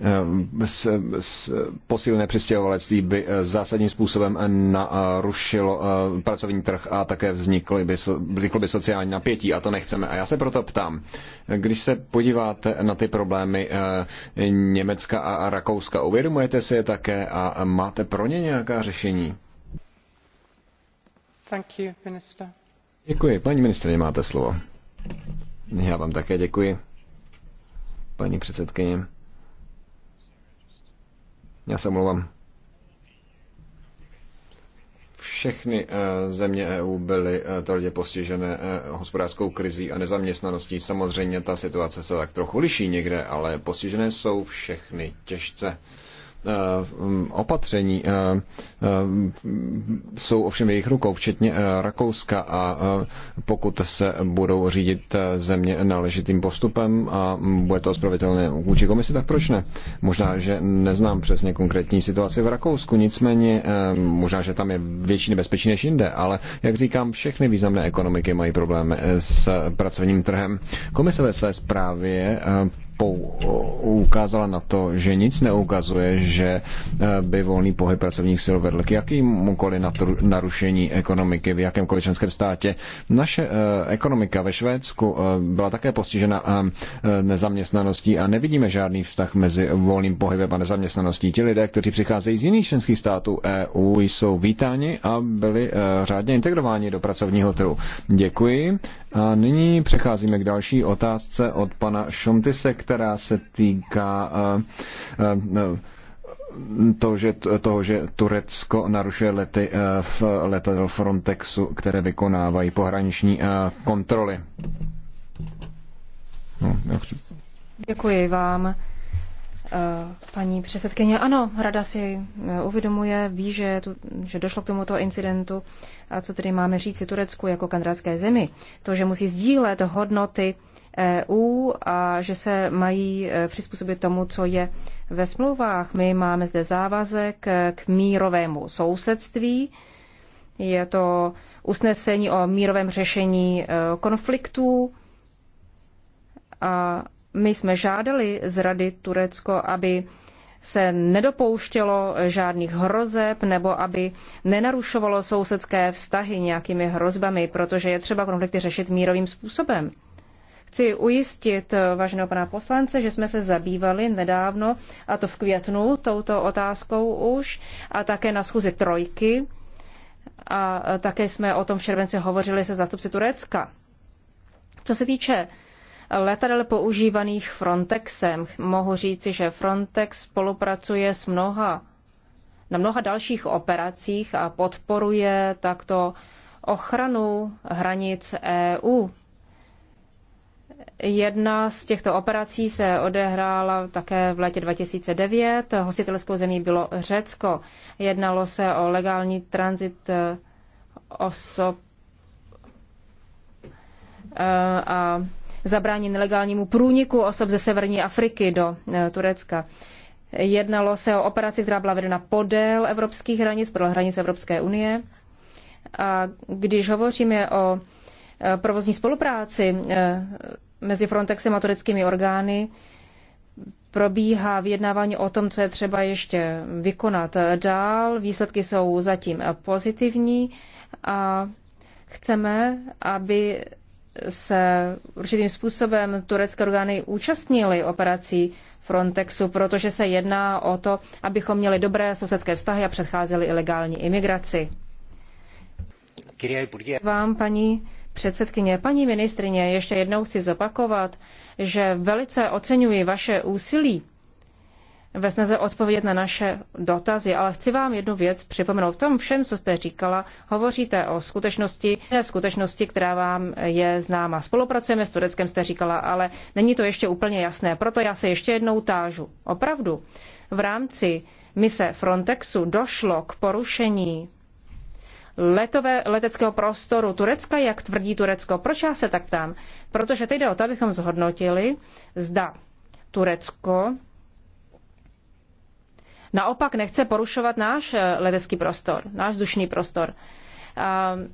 eh, s, s posilné přistěhovalectví by zásadním způsobem narušilo pracovní trh a také vznikly by, vzniklo by sociální napětí a to nechceme. A já se proto ptám, když se podíváte na ty problémy Německa a Rakouska, uvědomujete si je také a máte pro ně nějaká řešení? Thank you, minister. Děkuji. Paní ministrině, máte slovo. Já vám také děkuji, paní předsedkyně. Já se omlouvám. Všechny eh, země EU byly eh, tvrdě postižené eh, hospodářskou krizí a nezaměstnaností. Samozřejmě ta situace se tak trochu liší někde, ale postižené jsou všechny těžce. Eh, opatření eh, eh, jsou ovšem jejich rukou, včetně Rakouska a pokud se budou řídit země náležitým postupem a bude to ospravedlitelné vůči komisi, tak proč ne? Možná, že neznám přesně konkrétní situaci v Rakousku, nicméně možná, že tam je větší nebezpečí než jinde, ale jak říkám, všechny významné ekonomiky mají problémy s pracovním trhem. Komise ve své zprávě Eh, ukázala na to, že nic neukazuje, že eh, by volný pohyb pracovních sil vedl k jakýmukoliv narušení ekonomiky v jakémkoliv členském státě. Naše eh, ekonomika ve Švédsku byla také postižena nezaměstnaností a nevidíme žádný vztah mezi volným pohybem a nezaměstnaností. Ti lidé, kteří přicházejí z jiných členských států EU, jsou vítáni a byli řádně integrováni do pracovního trhu. Děkuji. A nyní přecházíme k další otázce od pana Šontise, která se týká eh, eh, to, že, toho, že Turecko narušuje lety eh, v letadel Frontexu, které vykonávají pohraniční kontroly. No, Děkuji vám. Eh, paní předsedkyně, ano, rada si eh, uvědomuje, ví, že, tu, že došlo k tomuto incidentu a co tedy máme říci Turecku jako kandidátské zemi. To, že musí sdílet hodnoty EU a že se mají eh, přizpůsobit tomu, co je ve smlouvách. My máme zde závazek k mírovému sousedství. Je to usnesení o mírovém řešení konfliktů a my jsme žádali z Rady Turecko, aby se nedopouštělo žádných hrozeb nebo aby nenarušovalo sousedské vztahy nějakými hrozbami, protože je třeba konflikty řešit mírovým způsobem. Chci ujistit važeného pana poslance, že jsme se zabývali nedávno, a to v květnu, touto otázkou už, a také na schůzi trojky. A také jsme o tom v červenci hovořili se zástupci Turecka. Co se týče letadel používaných Frontexem. Mohu říci, že Frontex spolupracuje s mnoha, na mnoha dalších operacích a podporuje takto ochranu hranic EU. Jedna z těchto operací se odehrála také v létě 2009. Hostitelskou zemí bylo Řecko. Jednalo se o legální tranzit eh, osob eh, a zabránit nelegálnímu průniku osob ze severní Afriky do eh, Turecka. Jednalo se o operaci, která byla vedena podél evropských hranic, podél hranic Evropské unie. A když hovoříme o eh, provozní spolupráci eh, mezi Frontexem a tureckými orgány, probíhá vyjednávání o tom, co je třeba ještě vykonat dál. Výsledky jsou zatím pozitivní a chceme, aby se určitým způsobem turecké orgány účastnili operací Frontexu, protože se jedná o to, abychom měli dobré sousedské vztahy a předcházeli ilegální imigraci. Vám, paní předsedkyně, paní ministrině, ještě jednou chci zopakovat, že velice oceňuji vaše úsilí ve snaze odpovědět na naše dotazy, ale chci vám jednu věc připomenout. V tom všem, co jste říkala, hovoříte o skutečnosti, ne skutečnosti, která vám je známa. Spolupracujeme s Tureckem, jste říkala, ale není to ještě úplně jasné. Proto já se ještě jednou tážu. Opravdu, v rámci mise Frontexu došlo k porušení letové, leteckého prostoru Turecka, jak tvrdí Turecko. Proč já se tak ptám? Protože teď jde o to, abychom zhodnotili, zda Turecko naopak nechce porušovat náš eh, letecký prostor, náš vzdušný prostor. A eh,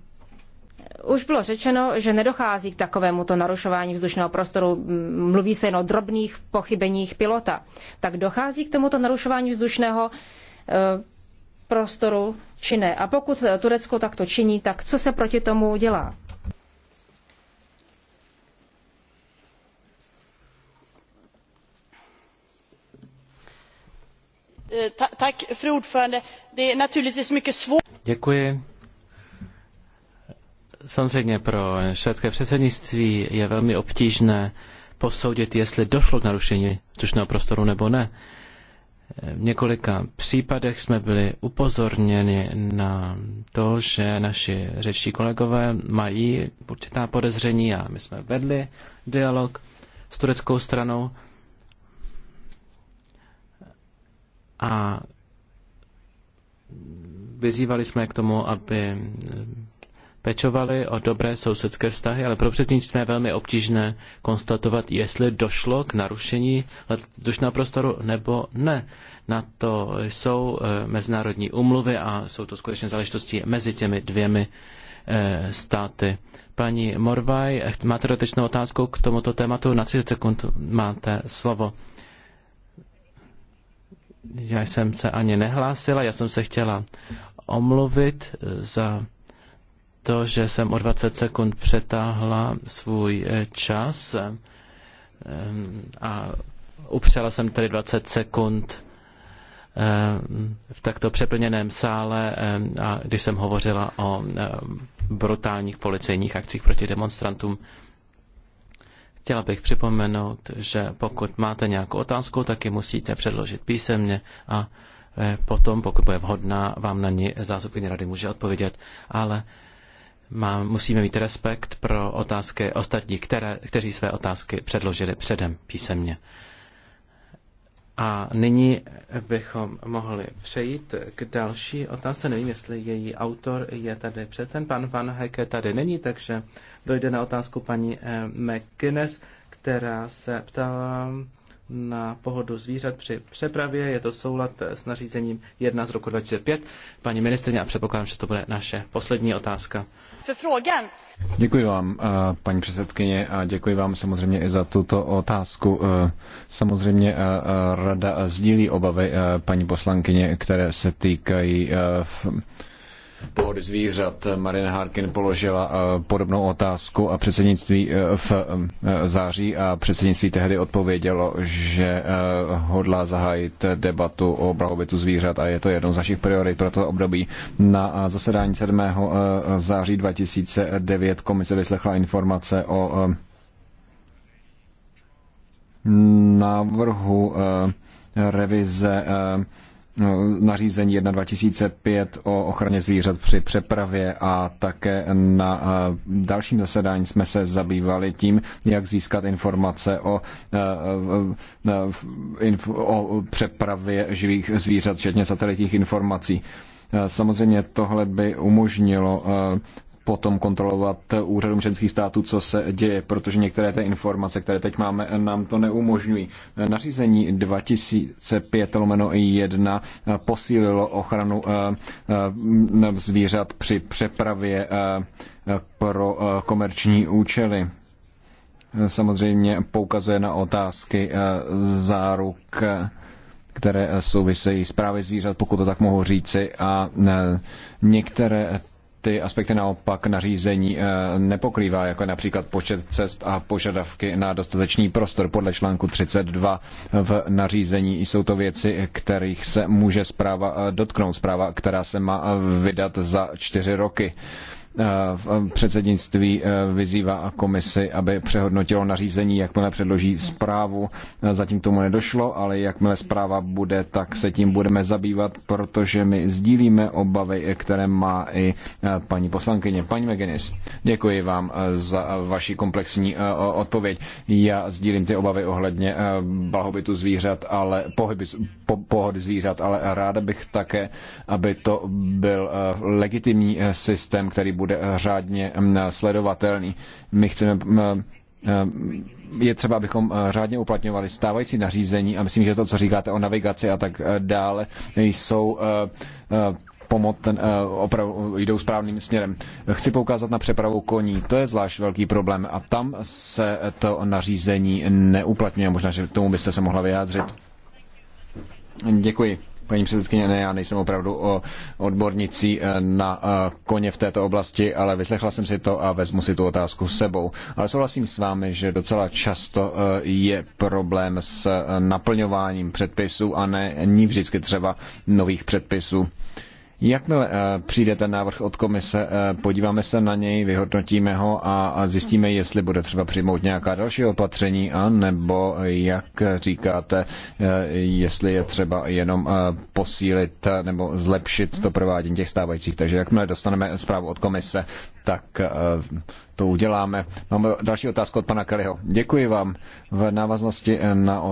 už bylo řečeno, že nedochází k takovému to narušování vzdušného prostoru, mluví se jen o drobných pochybeních pilota. Tak dochází k tomuto narušování vzdušného eh, prostoru či ne? A pokud Turecko takto činí, tak co se proti tomu dělá? Eh, Děkuji. Samozřejmě pro švédské předsednictví je velmi obtížné posoudit, jestli došlo k narušení vzdušného prostoru nebo ne. Eh, v několika případech jsme byli upozorněni na to, že naši řečtí kolegové mají určitá podezření a my jsme vedli dialog s tureckou stranou. a vyzývali jsme k tomu, aby pečovali o dobré sousedské vztahy, ale pro předsednictví je velmi obtížné konstatovat, jestli došlo k narušení letušného prostoru nebo ne. Na to jsou eh, mezinárodní umluvy a jsou to skutečně záležitosti mezi těmi dvěmi eh, státy. Paní Morvaj, máte dotečnou otázku k tomuto tématu? Na 30 sekund máte slovo. Já jsem se ani nehlásila, já jsem se chtěla omluvit za to, že jsem o 20 sekund přetáhla svůj eh, čas eh, a upřela jsem tady 20 sekund eh, v takto přeplněném sále, a když jsem hovořila o brutálních policejních akcích proti demonstrantům. Chtěla bych připomenout, že pokud máte nějakou otázku, tak ji musíte předložit písemně a e, potom, pokud bude vhodná, vám na ní zástupkyně rady může odpovědět, ale má, musíme mít respekt pro otázky ostatních, které, kteří své otázky předložili předem písemně. A nyní bychom mohli přejít k další otázce. Nevím, jestli její autor je tady před ten pan Van Heke tady není, takže dojde na otázku paní eh, McGuinness, která se ptala na pohodu zvířat při přepravě. Je to soulad eh, s nařízením 1 z roku 2005. Paní ministrině, a předpokládám, že to bude naše poslední otázka. Děkuji vám, eh, paní předsedkyně, a děkuji vám samozřejmě i za tuto otázku. Samozřejmě rada sdílí obavy paní poslankyně, které se týkají v pohody zvířat. Marina Harkin položila eh, podobnou otázku a předsednictví eh, v eh, září a předsednictví tehdy odpovědělo, že hodlá zahájit debatu o blahobytu zvířat a je to jednou z našich priorit pro to období. Na zasedání 7. září 2009 komise vyslechla informace o návrhu revize nařízení 1 2005 o ochraně zvířat při přepravě a také na dalším zasedání jsme se zabývali tím, jak získat informace o, o přepravě živých zvířat, včetně satelitních informací. Samozřejmě tohle by umožnilo potom kontrolovat úřadům členských států, co se děje, protože některé ty informace, které teď máme, nám to neumožňují. Nařízení 2005 1 posílilo ochranu eh, eh, zvířat při přepravě eh, pro komerční účely samozřejmě poukazuje na otázky záruk, které souvisejí s právě zvířat, pokud to tak mohu říci, a některé ty aspekty naopak nařízení eh, nepokrývá, jako například počet cest a požadavky na dostatečný prostor. Podle článku 32 v nařízení jsou to věci, kterých se může zpráva eh, dotknout, zpráva, která se má eh, vydat za čtyři roky. Eh, eh, předsednictví eh, vyzývá komisi, aby přehodnotilo nařízení, jakmile předloží zprávu. Zatím tomu nedošlo, ale jakmile zpráva bude, tak se tím budeme zabývat, protože my sdílíme obavy, které má i paní poslankyně. Paní McGinnis, děkuji vám za vaši komplexní odpověď. Já sdílím ty obavy ohledně blahobytu zvířat, ale pohyby, po, pohody zvířat, ale ráda bych také, aby to byl legitimní systém, který bude eh, řádně eh, sledovatelný. My chceme eh, je třeba, abychom řádně uplatňovali stávající nařízení a myslím, že to, co říkáte o navigaci a tak dále, jsou pomoc ten, opravdu jdou správným směrem. Chci poukázat na přepravu koní, to je zvlášť velký problém a tam se to nařízení neuplatňuje. Možná, že tomu byste se mohla vyjádřit. Děkuji. Paní předsedkyně, ne, já nejsem opravdu odbornicí eh, na eh, koně v této oblasti, ale vyslechla jsem si to a vezmu si tu otázku s sebou. Ale souhlasím s vámi, že docela často eh, je problém s naplňováním předpisů a ne ní vždycky třeba nových předpisů. Jakmile eh, přijde ten návrh od komise, eh, podíváme se na něj, vyhodnotíme ho a zjistíme, jestli bude třeba přijmout nějaká další opatření, a nebo, jak říkáte, eh, jestli je třeba jenom posílit nebo zlepšit to provádění těch stávajících. Takže jakmile dostaneme zprávu od komise, tak to uděláme. Máme další otázku od pana Kellyho. Děkuji vám. V návaznosti na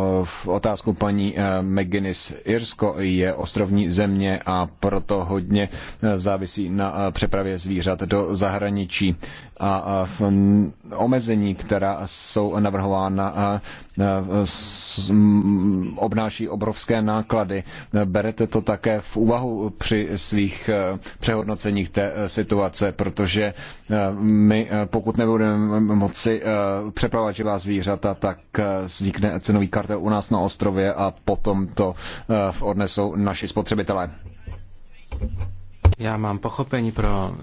otázku paní eh, McGuinness, Irsko je ostrovní země a proto hodně eh, závisí na eh, přepravě zvířat do zahraničí a omezení, která jsou navrhována, obnáší obrovské náklady. Berete to také v úvahu při svých e, přehodnoceních té e, situace, protože e, my, pokud nebudeme moci přepravovat živá zvířata, tak vznikne cenový kartel u nás na ostrově a potom to odnesou naši spotřebitelé. Já mám pochopení pro uh,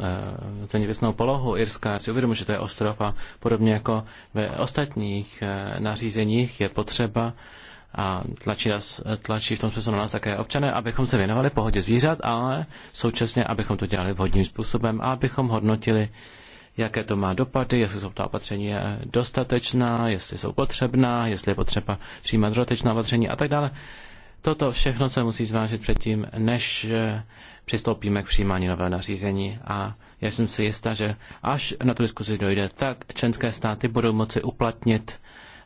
zeměpisnou polohu Irska. Si uvědomuji, že to je ostrov a podobně jako ve ostatních uh, nařízeních je potřeba a tlačí, nás, tlačí v tom smyslu na nás také občané, abychom se věnovali pohodě zvířat, ale současně, abychom to dělali vhodným způsobem a abychom hodnotili, jaké to má dopady, jestli jsou ta opatření eh, dostatečná, jestli jsou potřebná, jestli je potřeba přijímat dodatečná opatření a tak dále. Toto všechno se musí zvážit předtím, než přistoupíme k přijímání nového nařízení a já jsem si jistá, že až na tu diskuzi dojde, tak členské státy budou moci uplatnit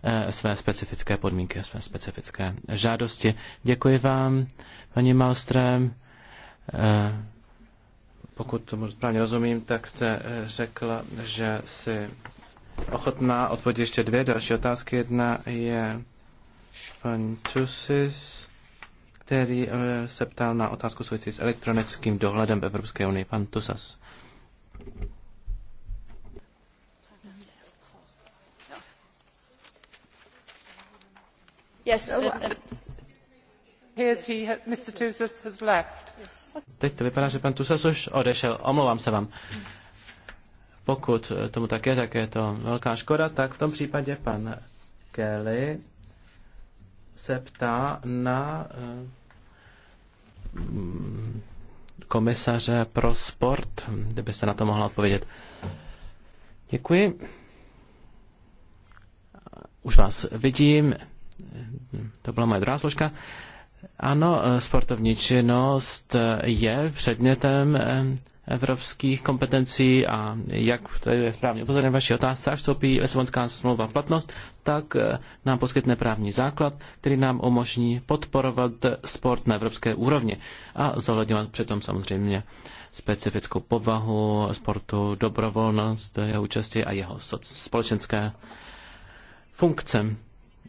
eh, své specifické podmínky, své specifické žádosti. Děkuji vám, paní Malström. Eh, pokud tomu správně rozumím, tak jste eh, řekla, že si ochotná odpovědět ještě dvě další otázky. Jedna je pan Čusis který eh, se ptal na otázku souvisí s elektronickým dohledem v Evropské unii. Pan Tusas. Yes. No, uh, uh, Teď to vypadá, že pan Tusas už odešel. Omlouvám se vám. Pokud tomu tak je, tak je to velká škoda. Tak v tom případě pan Kelly se ptá na eh, komisaře pro sport, kdybyste na to mohla odpovědět. Děkuji. Už vás vidím. To byla moje druhá složka. Ano, eh, sportovní činnost eh, je předmětem evropských kompetencí a jak tady je správně upozorněn vaší otázce, až vstoupí Lisabonská smlouva v platnost, tak eh, nám poskytne právní základ, který nám umožní podporovat sport na evropské úrovni a zohledňovat přitom samozřejmě specifickou povahu sportu, dobrovolnost jeho účasti a jeho společenské funkce.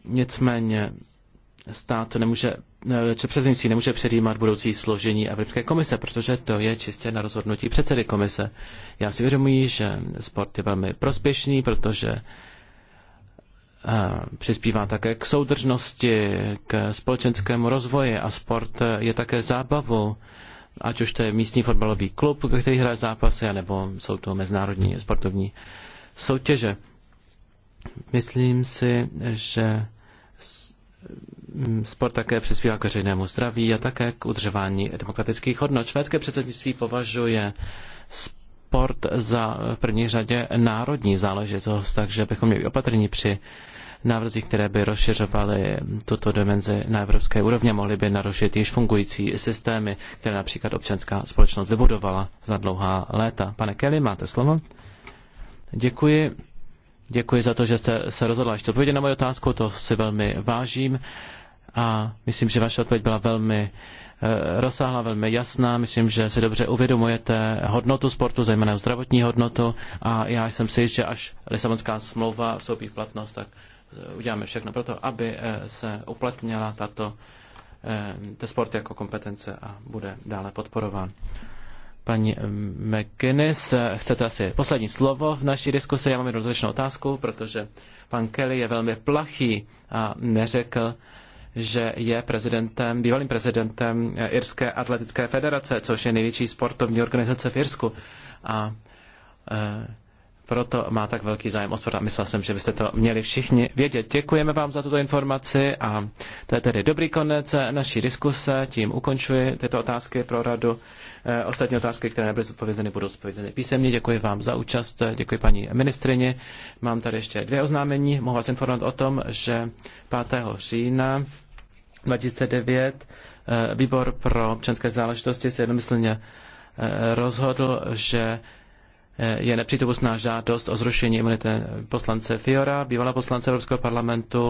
Nicméně stát nemůže, eh, či předsednictví nemůže předjímat budoucí složení Evropské komise, protože to je čistě na rozhodnutí předsedy komise. Já si vědomuji, že sport je velmi prospěšný, protože eh, přispívá také k soudržnosti, k společenskému rozvoji a sport je také zábavou, ať už to je místní fotbalový klub, který hraje zápasy, nebo jsou to mezinárodní sportovní soutěže. Myslím si, že Mm, sport také přispívá k veřejnému zdraví a také k udržování demokratických hodnot. Švédské předsednictví považuje sport za v první řadě národní záležitost, takže bychom měli opatrní při návrzích, které by rozšiřovaly tuto dimenzi na evropské úrovně, mohly by narušit již fungující systémy, které například občanská společnost vybudovala za dlouhá léta. Pane Kelly, máte slovo? Děkuji. Děkuji za to, že jste se rozhodla ještě odpovědět na moji otázku, to si velmi vážím a myslím, že vaše odpověď byla velmi eh, rozsáhla, velmi jasná. Myslím, že si dobře uvědomujete hodnotu sportu, zejména zdravotní hodnotu a já jsem si jistě, že až Lisabonská smlouva vstoupí v platnost, tak eh, uděláme všechno pro to, aby eh, se uplatnila tato ten sport jako kompetence a bude dále podporován. Paní McGuinness, chcete asi poslední slovo v naší diskusi? Já mám jednu otázku, protože pan Kelly je velmi plachý a neřekl, že je prezidentem, bývalým prezidentem Irské atletické federace, což je největší sportovní organizace v Irsku. A eh, proto má tak velký zájem o sport a myslel jsem, že byste to měli všichni vědět. Děkujeme vám za tuto informaci a to je tedy dobrý konec naší diskuse. Tím ukončuji tyto otázky pro radu. Eh, ostatní otázky, které nebyly zodpovězeny, budou zodpovězeny písemně. Děkuji vám za účast, děkuji paní ministrině. Mám tady ještě dvě oznámení. Mohu vás informovat o tom, že 5. října 2009 eh, výbor pro občanské záležitosti se jednomyslně eh, rozhodl, že je nepřítomnost na žádost o zrušení imunity poslance Fiora, bývalého poslance Evropského parlamentu.